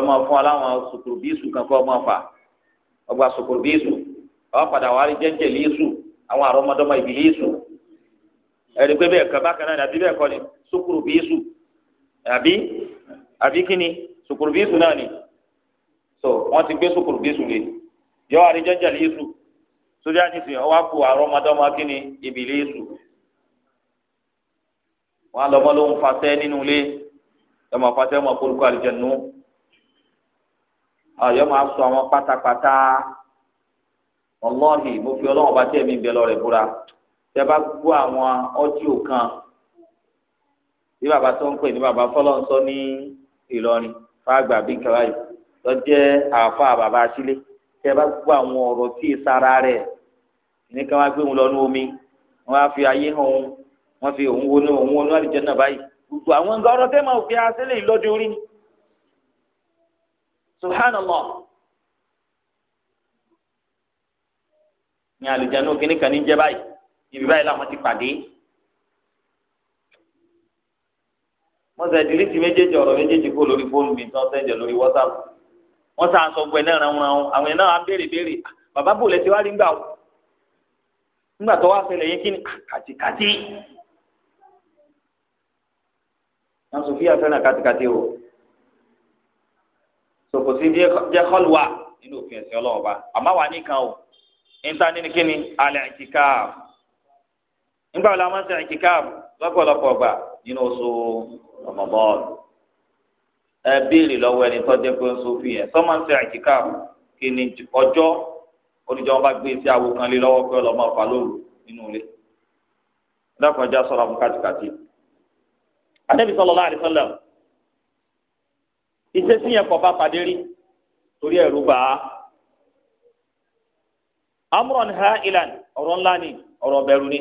wọn fún aláwọn sùkùrù bí kan fún ọmọ fà ọgbà sùkùrù bí ìsù ọ padà wà á rí jẹ́ńjẹ́ lé ìsù àwọn àrọ́mọdọ́mọ ìbí lé ìsù ẹ̀rí pé bẹ́ẹ̀ kan bákan náà àbí bẹ́ẹ̀ kọ́ ni sùkùrù bí ìsù àbí àbí kíni sùkùrù bí náà ni so wọ́n ti gbé sùkùrù bí ìsù lé yọ àrí jẹ́ńjẹ́ lé ìsù sórí àdìsí àpò àrọ́mọdọ́mọ kíni ìbí lé ìsù wọn alọmọ ló ń fasẹ nínú ilé yọmọ fasẹ ọmọ kórìkọ àlùjẹnu yọmọ asọ àwọn pátápátá ọlọ́ọ̀hìn mo fi ọlọ́wọ́n bá tẹ̀ mí bẹ́ẹ̀ lọ rẹ̀ búra tẹ bá gbọ́ àwọn ọ́díò kan bí bàbá tó ń pè ní bàbá fọlọ́nsọ ní Ìlọrin fáàgbà bí kàwá yìí lọ jẹ́ àáfà bàbá sílé tẹ bá gbọ́ àwọn ọ̀rọ̀ tí ì sara rẹ̀ ní ká wá gbé wọn lọ ní omi wọn á fi ayé hàn wọ́n fi òun wọnú òun wọnú àlìjẹ́nà báyìí gbogbo àwọn nǹkan ọ̀rọ̀ tẹ́ máa wò pé asẹ́lẹ̀ yìí orí ni subhanallah ní àlìjẹ́nà kìíní kan ní jẹ́ báyìí ibi báyìí làwọn ti pàdé sọ méjèèjì ọ̀rọ̀ méjèèjì kó lórí fóònù mi tán lórí sọ gbẹ náà náà sofia fẹ́ràn kátikáti o sòkòsí jẹ́ kọ́lùwà nínú òfin ẹ̀sìn ọlọ́run ba àmọ́ wà nìkan o níta nínú kíni alẹ́ àìkíkáàbù nígbà wo la máa ń ṣe àìkíkáàbù lọ́pọ̀lọpọ̀ gbà nínú oṣù ọmọbọ́ọ̀lù ẹ béèrè lọ́wọ́ ẹni tó jẹ́ pé ń so fi yẹn sọ́mọ́ ń ṣe àìkíkáàbù kí ni ọjọ́ oníjọ́ wọn bá gbé sí awo kan lé lọ́wọ́ pé ọlọ́mọ fà lóru nínú ilé lọ́kànjá sọ̀rọ̀ mú kàtìkàtì anabi sallallahu alaihi wasallam ìṣesí yẹn kọ bá pàdé rí torí ẹ̀rù bá a amúrọ̀n ha ilan ọ̀rọ̀ ńlá ni ọ̀rọ̀ bẹ̀rù ni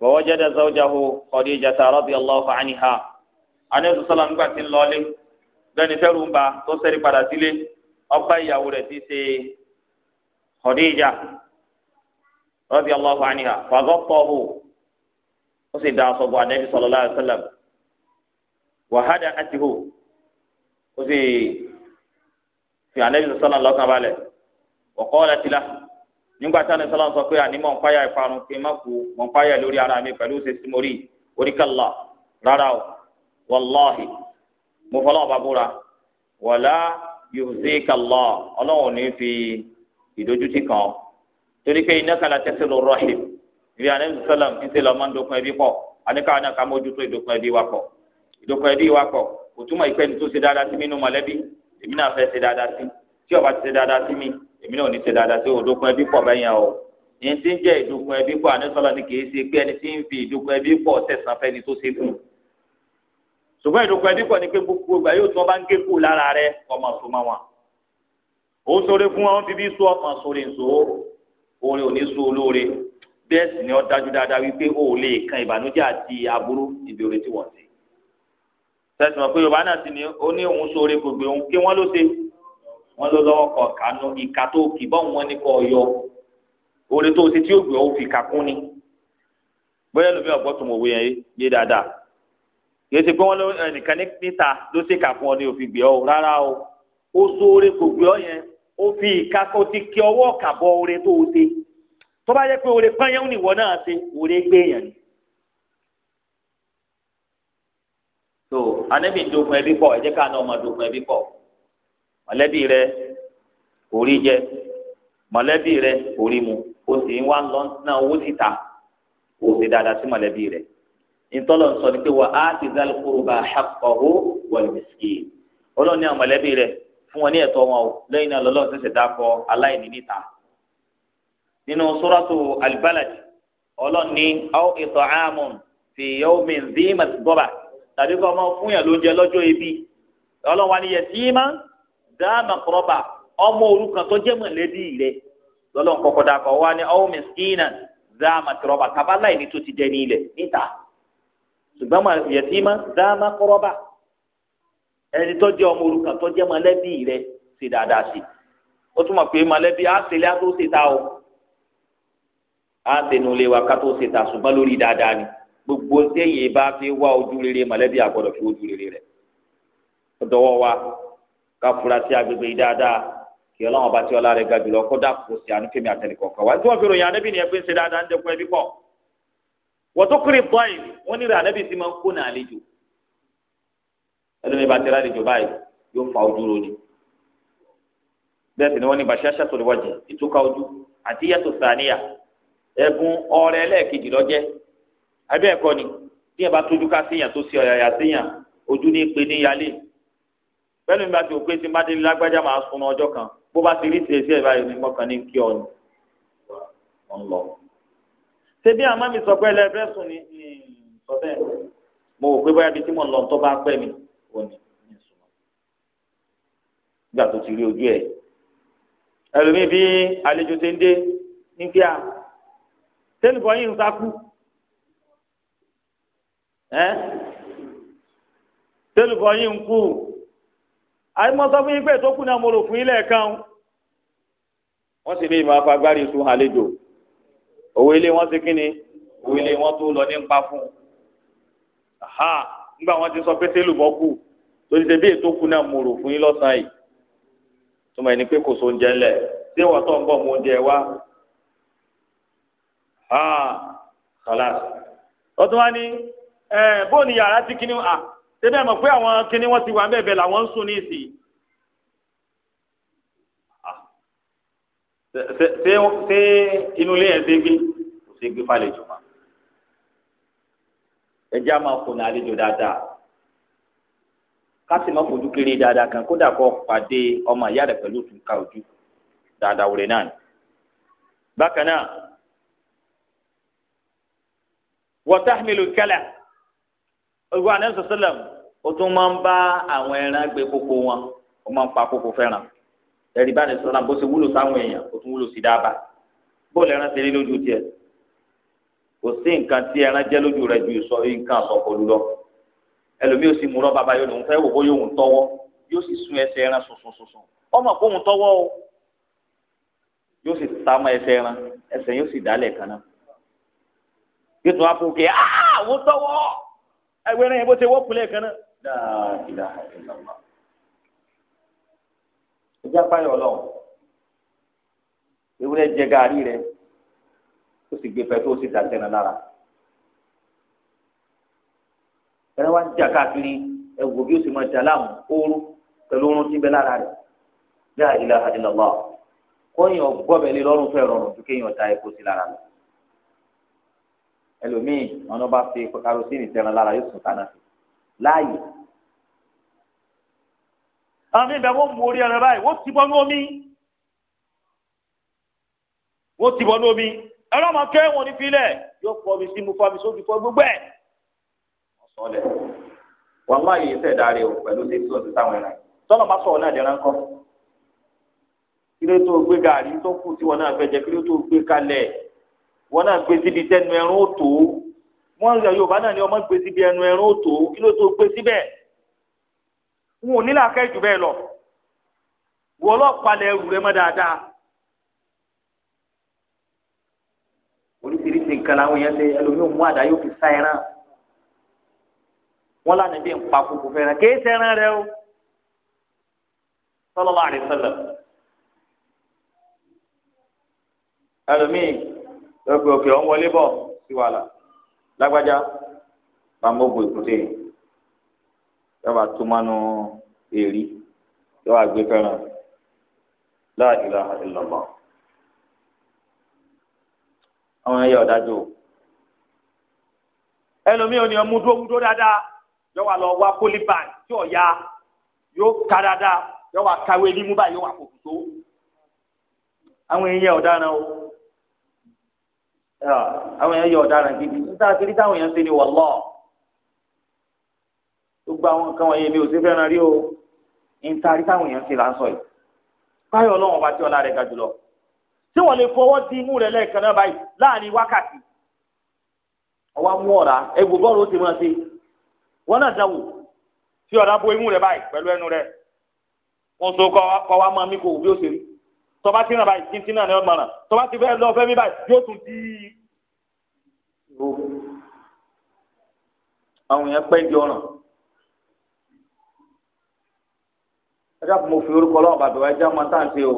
bọ̀wọ́ jẹ́ dẹ́sẹ̀ ọjà ho Khadijata radiyallahu anha anabi sallallahu nígbà tí ń lọlé bẹ́ẹ̀ni fẹ́rù ba tó sẹ́rí padà sílé ọba ìyàwó rẹ̀ ti ṣe Khadija radiyallahu anha fàgọ́ pọ̀ hó ó sì da aṣọ bò anabi sallallahu alaihi wasallam wàhádà àtìhó ó sì fi anabi sọlá lọ́kàn balẹ̀ ọ̀kọ́ ọ̀lẹ́tìlá nígbà tí anabi sọlá sọ pé àní mọ̀ nǹpáyà ìparun pé má kú mọ̀ nǹpáyà lórí ara mi pẹ̀lú ṣe sí oríkàlá rárá o wàláhì mo fọlọ́ ọba búra wàlá yòóṣèkàlá ọlọ́run ní fi ìdójútì kan torí pé iná kàlà tẹ́sílò rọ́ọ̀hìm ìrìn àná ìlú sọlọm títí lọ máa ń dokun ẹbí pọ̀ àníkàwọn náà ká mójútó ìdokun ẹbí wa pọ̀ ìdokun ẹbí wa pọ̀ kò túmọ̀ ìpẹ́ ni tó ṣe dáadáa sí mi nínú mọ̀lẹ́bí èmi náà fẹ́ ṣe dáadáa sí tí ọba ti ṣe dáadáa sí mi èmi náà ò ní ṣe dáadáa sí òdokun ẹbí pọ̀ bẹ́yẹn o ní ti ń jẹ́ ìdokun ẹbí pọ̀ àníṣọ́lá ni kìí ṣe pé ẹni tí ń fi ìdokun ẹbí pọ̀ tẹ̀sán fẹ́ni tó ṣe fún un ṣùgbọ́n ìdokun ẹbí pọ̀ ni pé gbogbo ìgbà yóò tún ọba ń gé kú lára rẹ ọmọ sọmọ wọn ó sọre fún wọn fi bí sọ ọmọ sọre ń sọ oore ò ní sọ olóore bẹ́ẹ̀ sì ni ó dájú dáadáa wípé o ò lè kan ìbànújẹ́ àti aburú ìbèrè tí wọ́n ti. sẹ́sìn mọ̀ pé yorùbá náà ti ní ó ní òun sóore gbogbo òun kí wọ́n ló ṣe wọ́n ló lọ́wọ́ kọ̀ kánú ìka tó kì bọ́ọ̀n wọn ní kọ́ ọ̀yọ́ oore tó ṣe tí ó gbé ó fi kà ni. bóyá lómi ọ̀gbọ́n tó mọ̀ wé yẹn yé dáadáa kìí ṣe pé wọ́n ẹnìkan níta ló ṣe kà ọ ní òfin gbé ọ rárá o ó sóore gbogbo ọ yẹn ó fi ìka kan ti kí ọwọ́ kàbọ̀ oore tó ṣe tó bá yẹ pé òrè pányán ni ìwọ náà ṣe òrè gbéyàn ni. tó anẹ́bí ń dogun ẹbí pọ̀ ẹ̀jẹ̀ káàánú ọmọ dogun ẹbí pọ̀ mọ̀lẹ́bí rẹ orí jẹ mọ̀lẹ́bí rẹ orí mu o sì ń wá lọ ná owó síta o sì dáadáa sí mọ̀lẹ́bí rẹ ntọ́lọ̀ ń sọ ni pé wà á ti dá lóko bá haqqahu wal miskin ọlọ́ọ̀ni àwọn mọ̀lẹ́bí rẹ fún wọn ní ẹ̀tọ́ wọn o lẹ́yìn náà lọ́lọ́ọ̀ sẹ̀sẹ̀ dákọ̀ aláìní níta nínú sóràtò alibalad ọlọ́run ní aw it'amun fi yawmin dhi masgaba tàbí kọ́ ọmọ fún yàn lóúnjẹ lọ́jọ́ ebi ọlọ́run wa ni yatima dha maqraba ọmọ òrukàn tó jẹ́ mọ̀lẹ́bí rẹ̀ lọ́lọ́run kọ́kọ́ dàkọ̀ wa ni aw miskina dha matraba kábàláì ní tó ti dẹ ní ilẹ̀ níta ṣùgbọ́n yatima dha maqraba ẹni tó jẹ́ ọmọ òrukàn tó jẹ́ mọ̀lẹ́bí rẹ̀ ṣe dáadáa á tẹnu lé wa ká tó ṣe tà ṣùgbọ́n lórí dáadáa ni gbogbo téyè bá fi wá ojú rere mọ̀lẹ́bí àgbọ̀dọ̀ fi ojú rere rẹ̀ dọwọ́ wa ká fura sí agbègbè yìí dáadáa kí ọlọ́run bá ti ọlá rẹ̀ ga jùlọ kó dà sí ànúfẹ́mi àtẹnìkọ̀ọ̀kan wa tí wọ́n fi ròyìn anábì ni ẹgbẹ́ ń ṣe dáadáa ń dẹkun ẹbí pọ̀ wọ́n tó kiri bọ́ọ̀lì wọ́n ní rẹ̀ anábì ti máa ń kó náà àlejò ẹlẹ́mi bá ti rálejò báyìí yóò fa ojú roni bẹ́ẹ̀ ẹ̀bùn ọrẹ ẹlẹ́ẹ̀kejì lọ́jẹ́ abẹ́ ẹ̀kọ́ ni bí ẹ bá tójú ká séèyàn tó ṣe ọ̀yàyà séèyàn ojú ní pe ní yálé bẹ́ẹ̀ ni bá ti òpin tí mádélé lágbájá máa sun ọjọ́ kan bó bá ti rí tiẹ̀ sí ẹ̀bá ìrìn mọ́kàn ní kí ọ ni wọ́n lọ. ṣé bí àmọ́ mi sọ pé ẹlẹ́fẹ́ sùn ni sọ mo rò pé bóyá ibi tí mò ń lọ tó bá pẹ́ mi ò ní ní sùn. nígbà tó ti rí ojú ẹ̀ ẹlòmíì bí àlejò ti ń dé ní kí a tẹlifọ yìí ń sakú ẹ tẹlifọ yìí ń kú àyìnbó sọ fún yín pé tó kù náà mo rò fún yín lẹ́ẹ̀kan wọ́n sì ní ìmọ̀ afagbárí sun àlejò òwe ilé wọn ti kíni òwe ilé wọn tó lọ ní ń pa fún un nígbà wọn ti sọ pé tẹlifọ kù lórí ṣe bí ètò kù náà mo rò fún yín lọ́sàn-án yìí tó mọ̀ ẹni pé kò sóúnjẹ ńlẹ̀ tí wọ́n tó ń bọ̀ mọ oúnjẹ wá kọláàsì ọtún wa ní bóònù yàrá tí kíní à tẹ́lẹ̀ mọ̀ pé àwọn kíní wọ́n ti wà bẹ́ẹ̀ bẹ́ẹ̀ làwọn ń sùn ní ìsìn. ṣé ṣé inú ilé yẹn ṣe o kò ṣe gbé falẹ̀ jù mọ́ ẹ jẹ́ àmọ́ fònà àlejò dáadáa kásì má fojú kéré dáadáa kan kódà kó pàdé ọmọ ìyá rẹ̀ pẹ̀lú òtún ká ojú dáadáa wúre náà bákan náà wọ́tàmílù kẹlẹ̀ ogun anẹ́sọ̀ sẹlẹ̀m o tún máa ń bá àwọn ẹran gbé koko wọn o máa ń pa koko fẹ́ràn ẹ̀rí bá ní sọ́nà bó ṣe wúlò sáwọn èèyàn o tún wúlò sí dábàá bóòlù ẹran ṣe rí lójú tiẹ̀ kò sí nǹkan tí ẹran jẹ́ lójú rẹ̀ ju sọ nǹkan àsọ̀kọlù lọ ẹlòmíì ó sì mú rọ́bà báyọ̀ lòun fẹ́ wò bóyá òun tọ́wọ́ yóò sì sún ẹsẹ̀ ẹran sùnsùn sùnsùn ọmọ kó òun tọ́wọ́ o yóò sì sá mọ́ ẹsẹ̀ ẹran ẹsẹ̀ yóò sì dálẹ̀ kan náà yóò tún wá fún òkè àwọn ah, tọwọ́ ẹgbẹ́ náà yẹn bó ṣe wọ́ kulẹ̀ kan náà. dáadáa ìjà payọ̀ lọ ewúrẹ́ jẹ gaari rẹ ó sì gbé pẹ̀tọ́ ó sì dà lára ń jà káàkiri bí ó sì máa jà láàmú ooru pẹ̀lú oorun tí ń bẹ lára lọ́rùn fẹ́ rọrùn kéèyàn ta sí lára ẹlòmíì ọ̀nà bá fi karosíìnì tẹran lára yóò sùn kaná láàyè. àmì ìbẹ̀ wọ́n mú orí ẹran báyìí wọ́n ti bọ́ ní omi wọ́n ti bọ́ ní omi ẹlọ́mọ kẹ́ wọn ní filẹ̀ yóò fọ omi sí mu fọ omi sójú fọ gbogbo ẹ̀. ọ̀sán lẹ̀ máa yẹ sẹ̀dá rẹ̀ o pẹ̀lú tẹ́tí ọ̀sẹ̀ táwọn ẹ̀ràn tọ́lọ̀ bá sọ̀rọ̀ náà dẹ̀rán kọ́ kí ló tó gbé gàrí tó kù tí wọn náà fẹ́ jẹ kí ló tó gbé kalẹ̀ wọn náà gbé síbi tẹnu ẹrún òtò wọn yọ yorùbá náà ni ọmọ gbé síbi ẹnu ẹrún òtò kí ló tó gbé síbẹ̀ wọn ò nílà kẹjù bẹ́ẹ̀ lọ wọ ọlọpàá lẹ rù rẹ mọ dáadáa oríṣiríṣi nǹkan làwọn yẹn lé ẹlòmíràn mú àdá yóò fi sá ẹran wọn lànà bí nǹpa kókó fẹ́ràn kì í sẹran rẹ o sallallahu alaihi wasallam lọ́pẹ́ òkè ọ̀hún wọlé bọ̀ sí wàhálà lágbájá bàmógbò ìkúté yọba tó mánu èrí yọba gbé fẹ́ràn la ilaha illallah àwọn ẹyẹ ọ̀dájú ẹlòmíì òní ọmú dúró dúró dáadáa yọwà lọ wá pólíbàn tí ọ̀ya yóò ká dáadáa yọwà káwé ní mú báyìí yọwà kò tó àwọn ẹyẹ ọ̀daràn o àwọn èèyàn yọ ọ̀daràn gidi níta kiri táwọn èèyàn ṣe ni wọ̀lọ́ gbogbo àwọn nǹkan wọ̀nyí mi ò sí fẹ́ràn rí o níta kiri táwọn èèyàn ṣe là ń sọ yìí báyọ̀ ọlọ́run ọba tí ọlá rẹ̀ ga jùlọ tí wọ́n lè fọwọ́ di imú rẹ̀ lẹ́ẹ̀kan náà báyìí láàrin wákàtí ọwọ́ mú ọ̀rá egbò bọ́ọ̀lù ó ti máa ṣe wọ́n náà dáwò tí ọ̀rá bo imú rẹ̀ báyìí pẹ̀lú ẹnu rẹ̀ wọ́n so kọ́ wa mọ́ mi kò bí ó ṣe rí tọba ti ràn báyìí títí náà ni ọmọ ràn tọba ti fẹ́ lọ fẹ́ mi báyìí yóò tún di ìró àwọn èèyàn pẹ́ di ọ̀ràn ẹjẹ àpò mo fi orúkọ ọlọ́run bàbá wa ẹjẹ ọmọ tá à ń ṣe o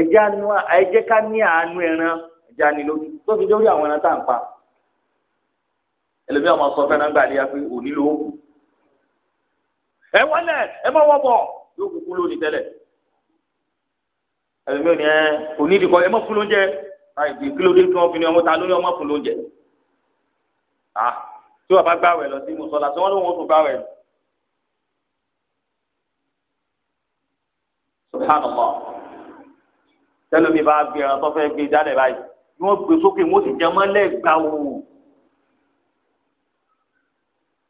ẹjẹ àánú ẹjẹ ká ní àánú ẹran ẹjẹ àánú tó fi dórí àwọn ẹran tá à ń pa ẹlòmíràn máa sọ fẹ́ràn gbà léyà pé òní ló kù ẹ wọlé ẹ má wọ bọ yóò kúkú lónìí tẹ́lẹ̀ ẹlòmíràn ni ẹ onídìkọ ẹ mọ fún lóúnjẹ àìsí kílódé tí wọn fi ni ọmọ ta lórí ọmọ fún lóúnjẹ à tí wọn bá gbàwẹ̀ lọ sí mùsọlá tí wọn lóun ó tún gbàwẹ̀ lọ. subhanallah tẹlomi bá gbé ẹran tó fẹ́ gbé jálẹ̀ báyìí ni wọ́n gbé sókè wọ́n sì jẹun mọ́lẹ̀ gbàù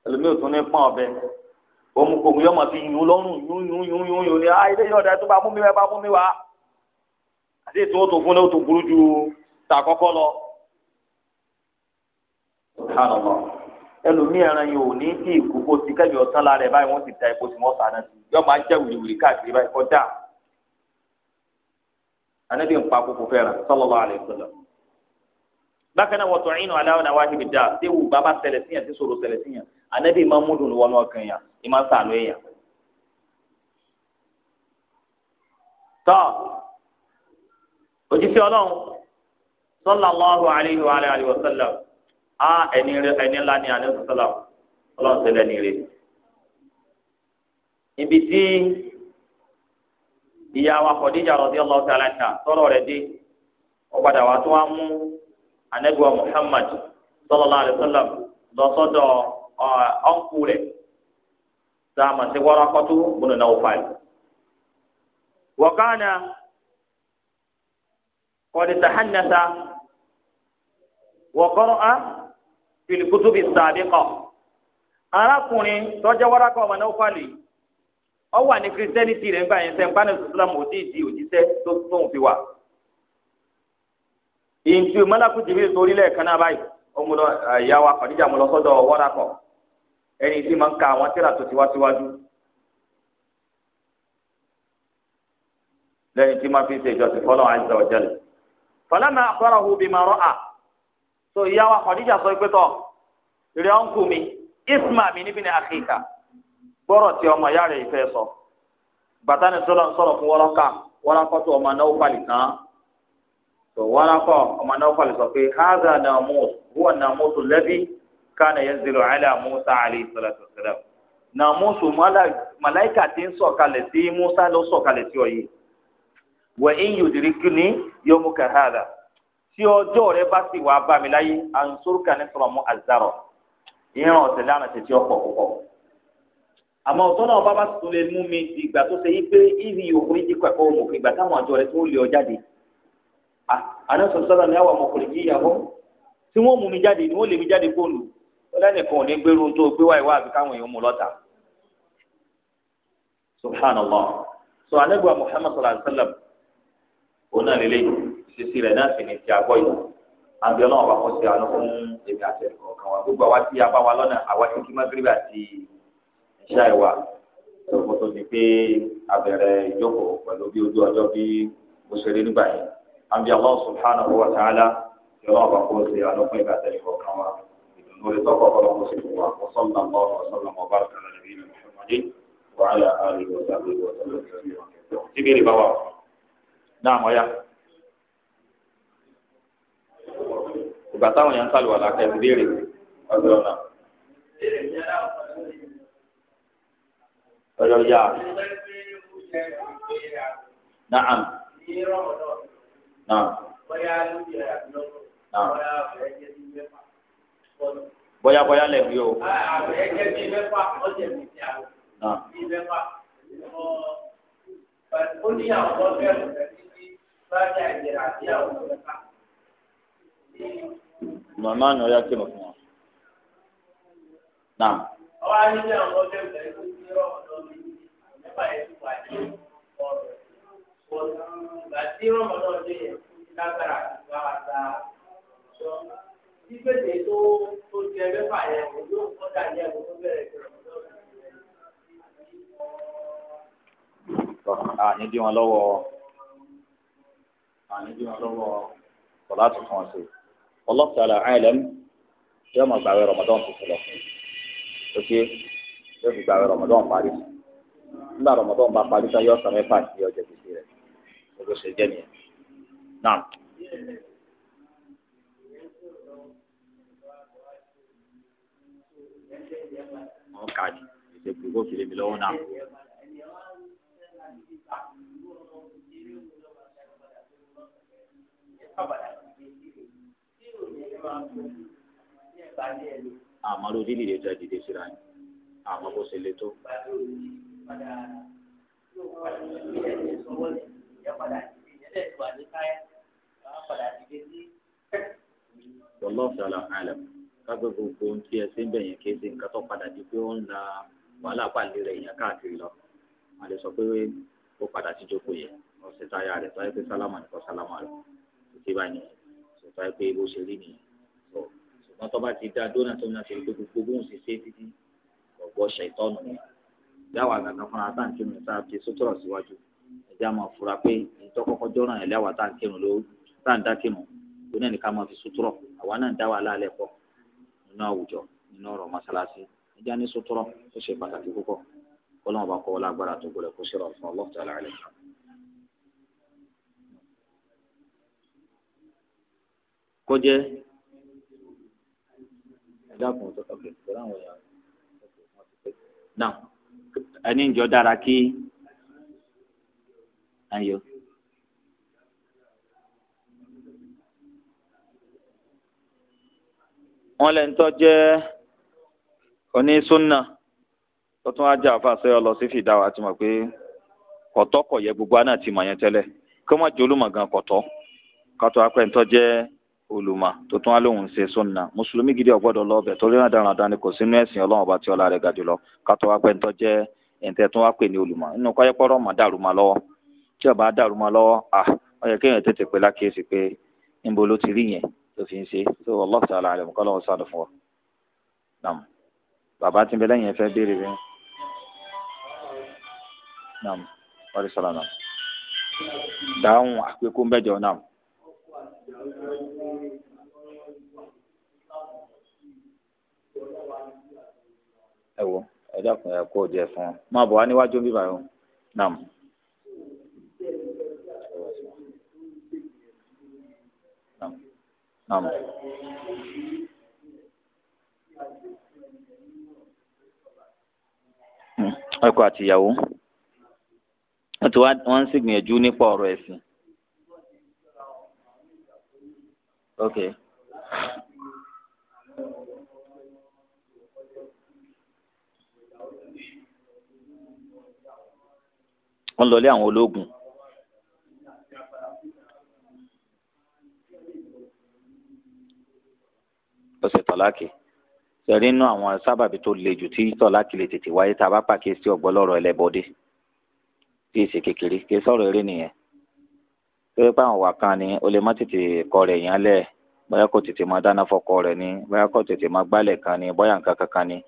tẹlomi ò tún ní pọ́n ọbẹ̀ òun kò mú yọmọ fi yún lọ́rùn yún yún yún yún yún ni ayé yọ̀ọ̀dà tó bá mú mi wá bá mú mi wá àti ètò òtò fún ní òtò burú ju tàkọ́kọ́ lọ. ẹlòmíì ẹran yìí ò ní tí ìkókó ti kẹ́mi ọ̀tán lára ẹ̀ báyìí wọ́n ti da epo tí wọ́n sànà sí yọ máa jẹ́ wìrìwìrì káàkiri báyìí kọjá. anabi ń pa kókó fẹ́ràn sallallahu alaihi wasallam. bákan náà wọ́n tọ̀ inú aláwọ̀ náà wá níbi dáa déwù bàbá ṣẹlẹ̀ síyàn sòrò ṣẹlẹ̀ síyàn máa ń múdùn wọnú ọkàn yàn ìmọ̀ sàánú èèyàn. tọ́ òjíṣẹ́ ọlọ́run sallallahu alaihi wa alihi wa sallam á ẹni rẹ ẹni ńlá ni àní sọlá ọlọ́run tẹ̀lé ni rẹ. ibi tí ìyá wa Khadija radiyallahu ta'ala anha sọ̀rọ̀ rẹ̀ dé ọ̀padà wa tó wá mú anagba Muhammad sallallahu alaihi wa sallam lọ́sọ̀dọ̀ ọ̀nkú rẹ̀ sáà mà sí Waraqatu bunu Nawfal. wọ̀kánà. قد تحنث وقرأ في الكتب السابقة arákùnrin tọjọ wárákọ ọmọ náà fàlì ọ wà ní kristianity rẹ nígbà yẹn sẹ nípa náà ò tíì di òjíṣẹ́ tó tóun fi wà. ìǹtí mọlákù jìbìrì torí lẹ́ẹ̀kan náà báyìí ọmọ ìyá wa kọdíjà mo lọ sọ́dọ̀ wárákọ ẹni tí máa ń ka àwọn tíra tó ti lẹ́yìn tí máa fi ṣe ìjọsìn fọlọ́ àìsàn ọ̀jẹ̀lẹ̀. fọlẹ́mà àkọ́rọ̀hù bí màrọ́ à so ìyá wa Khadija sọ pé tọ́ rẹ̀ ń kú mi isma mi níbi ní àkíkà gbọ́rọ̀ tí ọmọ ìyá rẹ̀ ìfẹ́ sọ bàtà ni sọlọ ń sọ̀rọ̀ fún wọlọ́kà wọlọ́kọ́ tó ọmọ náà fàlì tán so wọlọ́kọ́ ọmọ náà fàlì sọ pé haza namus huwa namusu lẹ́bí kánà yẹn zero ala Musa alayhi salatu wasalam namusu malaika tí ń sọ̀kalẹ̀ sí Musa ló sọ̀kalẹ̀ sí ọ yìí wẹ̀ ń yóò dìrí kí ni yọmú kàhádà tí ọjọ́ rẹ bá sì wá bá mi láyé àǹsóríkà ní sọ̀rọ̀ mú àzárọ̀ ìran ọ̀sẹ̀ lánàá ti ti ọ̀pọ̀ púpọ̀ àmọ́ ọ̀tọ́ náà bá bá sì lè mú mi di ìgbà tó ṣe yí pé ìrì òkùnrin jí pẹ̀kọ́ òmùkùn ìgbà táwọn àjọ rẹ tí wọ́n ọ jáde àná sọ̀tọ́lá ni àwọn ọmọkùnrin jí ìyàwó tí wọ́n mú mi jáde ni wọ́n lè mi jáde fóònù ọlẹ́nìkan ò ní gbèrú tó gbé wáyé wá àbí káwọn èèyàn mú lọ́tà subhanallah so anagba muhammad sallallahu alaihi wa sallam òun náà lélẹ̀ ìṣesí rẹ̀ náà sì ní ti àgbọ̀ yìí àbí ọlọ́run bá kọ́ sí àánú fún èmi àti ẹ̀kọ́ kan wa gbogbo àwa tí a bá wa lọ́nà àwa tí kí mágírìbì àti ìṣá ìwà lọ́kọ̀ tó di pé abẹ̀rẹ̀ ìjókòó pẹ̀lú bí ojú ọjọ́ bí mo ṣe rí nígbà yẹn àbí Allah subhanahu wa ta'ala tí ọlọ́run bá kọ́ sí àánú fún èmi àti ẹ̀kọ́ kan wa ìdùnnú rẹ̀ tọ́kọ̀ ọlọ́run sì fún wa wọ́sọ̀lá náà mọ́yá. ìgbà táwọn yẹn ń sálùwà lákẹ́ ti béèrè ọ̀dọ̀ náà. ọ̀dọ̀ yá. Naam. Naam. Naam. Bóyá bóyá lẹ̀ bí o. Naam fájà màmá ni ọ̀yá kìlọ̀ fún wa. náà. ọwọ́ ayélujára àwọn ọmọdé ìgbà yìí ti rọ̀ ọ̀dọ́ mi nípa ètò àti ọ̀rọ̀ ìgbà tí rọ̀mọ̀dọ́ dé yẹn lágbára àti bá ọ̀ṣọ́. bí pèsè tó tó jẹ mẹ́fà yẹn kò yóò kọ́ dà ní ẹ̀kọ́ tó bẹ̀rẹ̀ ìgbà àní dí wọn lọ́wọ́ àníbí wọn lọ́wọ́ ọ̀la tó kàn sí ọlọ́kàlà àìlẹ́m yóò máa gbàwé rọmọdán tó fọlọ́ ó ṣe yóò fi gbàwé rọmọdán parí nígbà rọmọdán bá parí tán yóò san mẹ́fà sí ọjọ́ gbèsè rẹ̀ gbogbo ṣe jẹ́ nìyẹn náà. wọ́n kà á ní ìṣègùn kó fi lè mi lọ́wọ́ náà. àmọ́ dili ìdílé tó dìde síra yín àmọ́ bó ṣe lè tó. Wallahu ta'ala alam kágbé gbogbo ohun tí ẹ ṣe ń kéde nǹkan tó padà di pé ó ń la wàhálà pàdé rẹ̀ yẹn káàkiri lọ a sọ pé ó padà sí jókòó yẹn ọ̀sẹ̀ táyà rẹ̀ ti bá yẹn sọ̀tọ̀ àìpé bó ṣe rí nìyẹn sọ ṣùgbọ́n tó bá ti dá dóná tó náà ṣe pé gbogbo bóun ṣe ṣe títí ọ̀gbọ́ ṣàìtọ́nù yẹn yàwó àgàgà fúnra táǹkì mi sáà fi sótòrọ̀ síwájú ẹ̀jẹ̀ á fura pé ìtọ́kọ́kọ́ jọ́ràn ẹ̀ láwà táǹkì mi ló táǹdá kì mọ̀ tó náà nìkan máa fi sótòrọ̀ àwa náà dá wàhálà alẹ́ pọ̀ nínú àwùjọ nínú ọ̀rọ̀ mọ́sálásí ẹ̀jẹ̀ á ní sótòrọ̀ ó ṣe pàtàkì púpọ̀ kọ́lọ́mọba kọ́ lágbára tó gbọ́dọ̀ kó ṣe rọ̀ fún ọlọ́ọ̀tà láàrin Kọjẹ, jẹ́ dákun tó kà bẹ̀rẹ̀ pẹ̀lú àwọn èèyàn náà ẹni ìjọ dára kí ayọ̀. wọn lẹ ń tọjẹ onísúnà tó tún wá jẹ ọlọ sí fìdáwà ti pé kọtọ kọyẹ gbogbo ti yẹn kí wọn oluma tó tún á lóun ṣe sunna mùsùlùmí gidi ọ̀gbọ́dọ̀ lọ́ọ̀bẹ̀ torí náà darandaran ni kò sínú ẹ̀sìn ọlọ́run ọba tí ọlá rẹ̀ ga lọ kátó wá jẹ́ ẹ̀ǹtẹ́ tó wá pè ní nínú ma lọ́wọ́ tí ọba dàrú ma lọ́wọ́ à yẹ kéèyàn tètè pé lákìyèsí pé níbo ló ti rí yẹn tó fi ń ṣe tó ẹ wò ẹ dákun ẹ kó o jẹ fún ọ máa bọ̀ wá níwájú bíbá yìí o nam. nam. ọkọ àti ìyàwó wọn ti wá wọn sì gbìyànjú nípa ọ̀rọ̀ ẹ̀sìn. okay. wọ́n lọlé àwọn ológun. lọ́sẹ̀ tọ́láàkì sẹ́rí inú àwọn sábàbí tó le jù tí tọ́láàkì lè tètè wáyé tá a bá pàkíyèsí ọ̀gbọ́lọ́rọ̀ ẹlẹ́bọ̀dé tí èsì kékeré kí sọ̀rọ̀ eré nìyẹn pé pé àwọn wà kan ni o lè má tètè kọ rẹ̀ yàn bóyá kò tètè má dáná fọ́kọ rẹ̀ ni bóyá kò tètè má gbálẹ̀ kan ni bóyá nǹkan kankan ni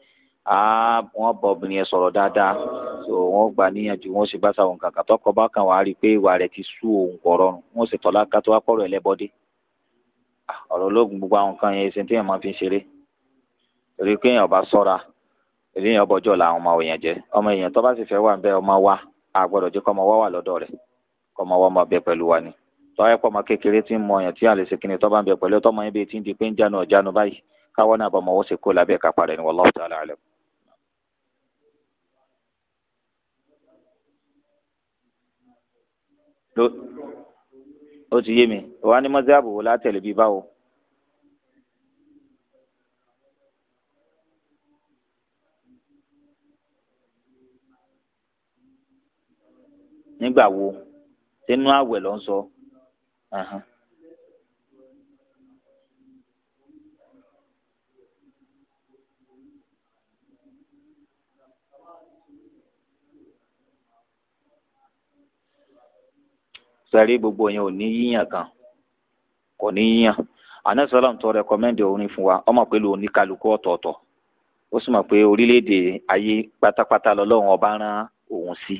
wọ́n bọ̀ obìnrin yẹn sọ̀rọ̀ dáadáa so wọ́n gbà níyànjú wọ́n sì bá sàwọn kankan tọkọ bá kàn wá rí i pé ìwà rẹ̀ ti sú òun kò rọrùn wọ́n sì tọ́lá ká tó wá kọ́rọ̀ ẹlẹ́bọ́dé ah, ọ̀rọ̀ ológun gbogbo àwọn kan yẹn ṣe téèyàn máa fi ń ṣeré torí pé èèyàn bá sọ́ra èèyàn bọ́jọ́ làwọn ọmọ èèyàn jẹ́ ọmọ èèyàn tó bá sì fẹ́ wà ń bẹ́ ọmọ wa àgbọ̀dọ̀ jẹ́ kọ́mọ wá wà lọ́dọ̀ rẹ̀ ni tọ́wọ́ pọ̀ káwọn náà bọ̀ mọ́ wọ́n kó lábẹ́ kápá rẹ̀ ni wallahu ta'ala alam ló ó ti yé mi wàá ní mọ́sáàbù wo látẹ̀lé bíi báwo. nígbà wo sínú àwẹ̀ ló ń sọ. Uh-huh. sẹ́rí gbogbo yẹn ò ní yíyàn kan kò ní yíyàn anasalam tó rẹkọmẹ́ndì orin fún wa ọmọ pẹ̀lú oníkálukú ọ̀tọ̀ọ̀tọ̀ ó sì mọ̀ pé orílẹ̀-èdè ayé pátápátá lọ́lọ́run ọba rán òun sí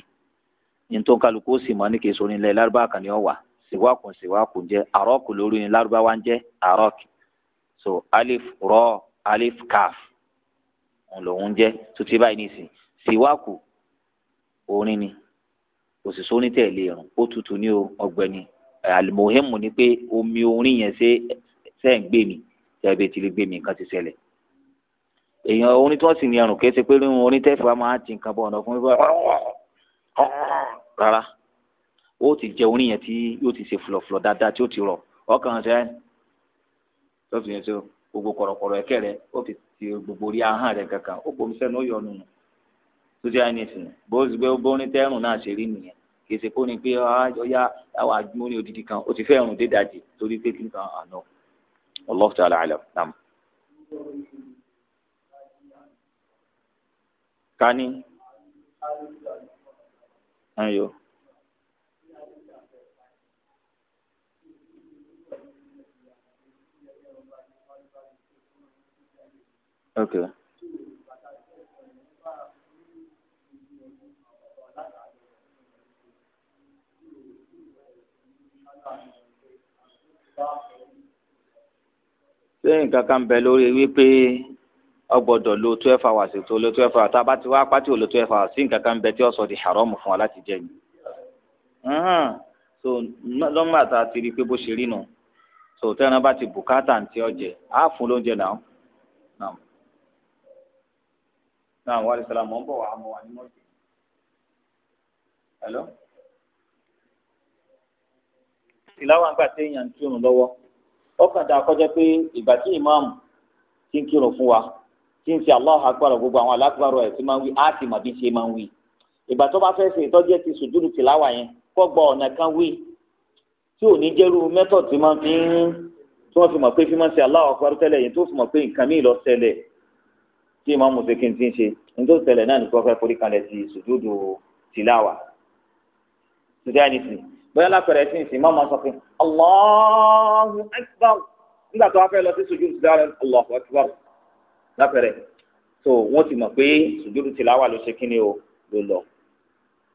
nítorí kálukú ó sì mọ̀ ní kìí sórin ilẹ̀ lárúbáwá kan ní ọ̀wà sèwákùn sèwákùn jẹ́ àrọ́ọ̀kù lórí ni lárúbáwá ń jẹ́ àrọ́ọ̀kì so alif rọ alif kaf òun lòun jẹ́ tó ti báyìí nìsín sèwákù orin ni kò sì sóní tẹ̀lé irun ó tutù ní o ọ̀gbẹ́ni alimohemu ni pé omi orin yẹn ṣe ṣe ń gbé mi tẹ̀bẹ̀ tí lè gbé mi nǹkan ti ṣẹlẹ̀ èèyàn orin tí wọ́n sì ní ẹrùn kì í ṣe pé irun orin tẹ́fù á máa ti nǹkan bọ̀ ọ̀nà fún mi rárá ó ti jẹ orin yẹn tí yóò ti ṣe fùlọ̀fùlọ̀ dáadáa tí ó ti rọ̀ ọkàn ṣe tó fi yẹn tó gbogbo kọ̀rọ̀kọ̀rọ̀ ẹ̀kẹ́ rẹ̀ ó fi ti gbogbo orí ahọ́n rẹ̀ kankan ó bomi sẹ́nu ó yọ ọ́nù nù sójú àìníṣìn bó ti gbé bórin tẹ́rùn náà ṣe rí nìyẹn kì í ṣe kó ni pé ọyá àwọn àjùmọ̀ ní odidi kan ó ti fẹ́ rùn dédàjì torí pé kí nǹkan àná Allahu ta'ala alam nam. kani ayo. okay. ṣé nǹkan kan bẹ lórí wípé ó gbọ́dọ̀ lo twelve hours tó lo twelve hours tá a bá ti wá pátí o lo twelve hours sí nǹkan kan bẹ tí ó sọ di haram fún wa láti jẹ yìí so lọ́mọ àti àti rí i pé bó ṣe rí nù so tẹ́ran bá ti bùkátà ntí ọ̀jẹ̀ á fún lóúnjẹ náà náà náà wàlúùsálàmù ọ̀ ń bọ̀ wà mọ̀ wà ní mọ́tò tìláwà ń gbà tí èèyàn ń kírun lọ́wọ́ ọkàn tá a kọjá pé ìgbà tí ìmáàmù ti ń kírun fún wa ti ń ṣe Allahu akbar gbogbo àwọn alágbára ẹ̀ ti máa ń wí á ti mà bí ṣe máa ń wí ìgbà tó bá fẹ́ ṣe ìtọ́jú ẹ̀ ti sùjúdù tìláwà yẹn kọ́ gba ọ̀nà kan wí tí ò ní jẹ́rú mẹ́tọ̀ tí máa fi ń tí wọ́n fi mọ̀ pé fi máa ń ṣe Allahu akbar tẹ́lẹ̀ yẹn tó fi mọ̀ pé nǹkan míì lọ ṣẹlẹ̀ tí ìmáàmù ṣe kí n ti ń ṣe nítorí tẹ́lẹ̀ náà ní kí fẹ́ forí kalẹ̀ ti sùjúdù tìláwà bóyá lápẹ̀rẹ̀ sí ìsìn máa ma sọ pé Allahu Akbar nígbà tó wá fẹ́ lọ sí sùjúdù tilawa Allahu Akbar lápẹ̀rẹ̀ tó wọ́n ti mọ̀ pé sùjúdù tilawa ló ṣe kíni o ló lọ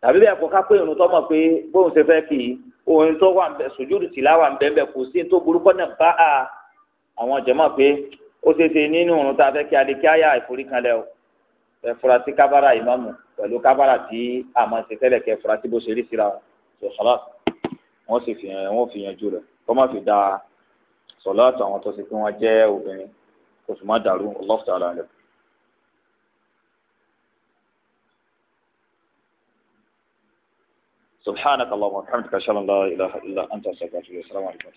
tàbí bẹ́ẹ̀ kọ́ ká pé irun tó mọ̀ pé bóun ṣe fẹ́ kì í òun tó wà sùjúdù tilawa ń bẹ́ẹ̀ bẹ́ẹ̀ kò sí tó burúkọ́ náà bá a àwọn jẹ̀mọ́ pé ó ṣe ṣe nínú òun tá a fẹ́ kí adé kí á yá ìforíkanlẹ̀ o ẹ fura sí kábàrà ìmáàmù pẹ̀lú kábàrà tí a máa ṣe tẹ́lẹ̀ kẹ́ fura sí bó ṣe rí síra o wọ́n sì fi wọ́n fi yanjú rẹ̀ kó má fi da sọ̀lá àtàwọn tó ṣe pé wọ́n jẹ́ obìnrin kò sì má dàrú ọlọ́fta ara rẹ̀. سبحانك اللهم وبحمدك اشهد ان لا اله الا انت استغفرك واتوب اليك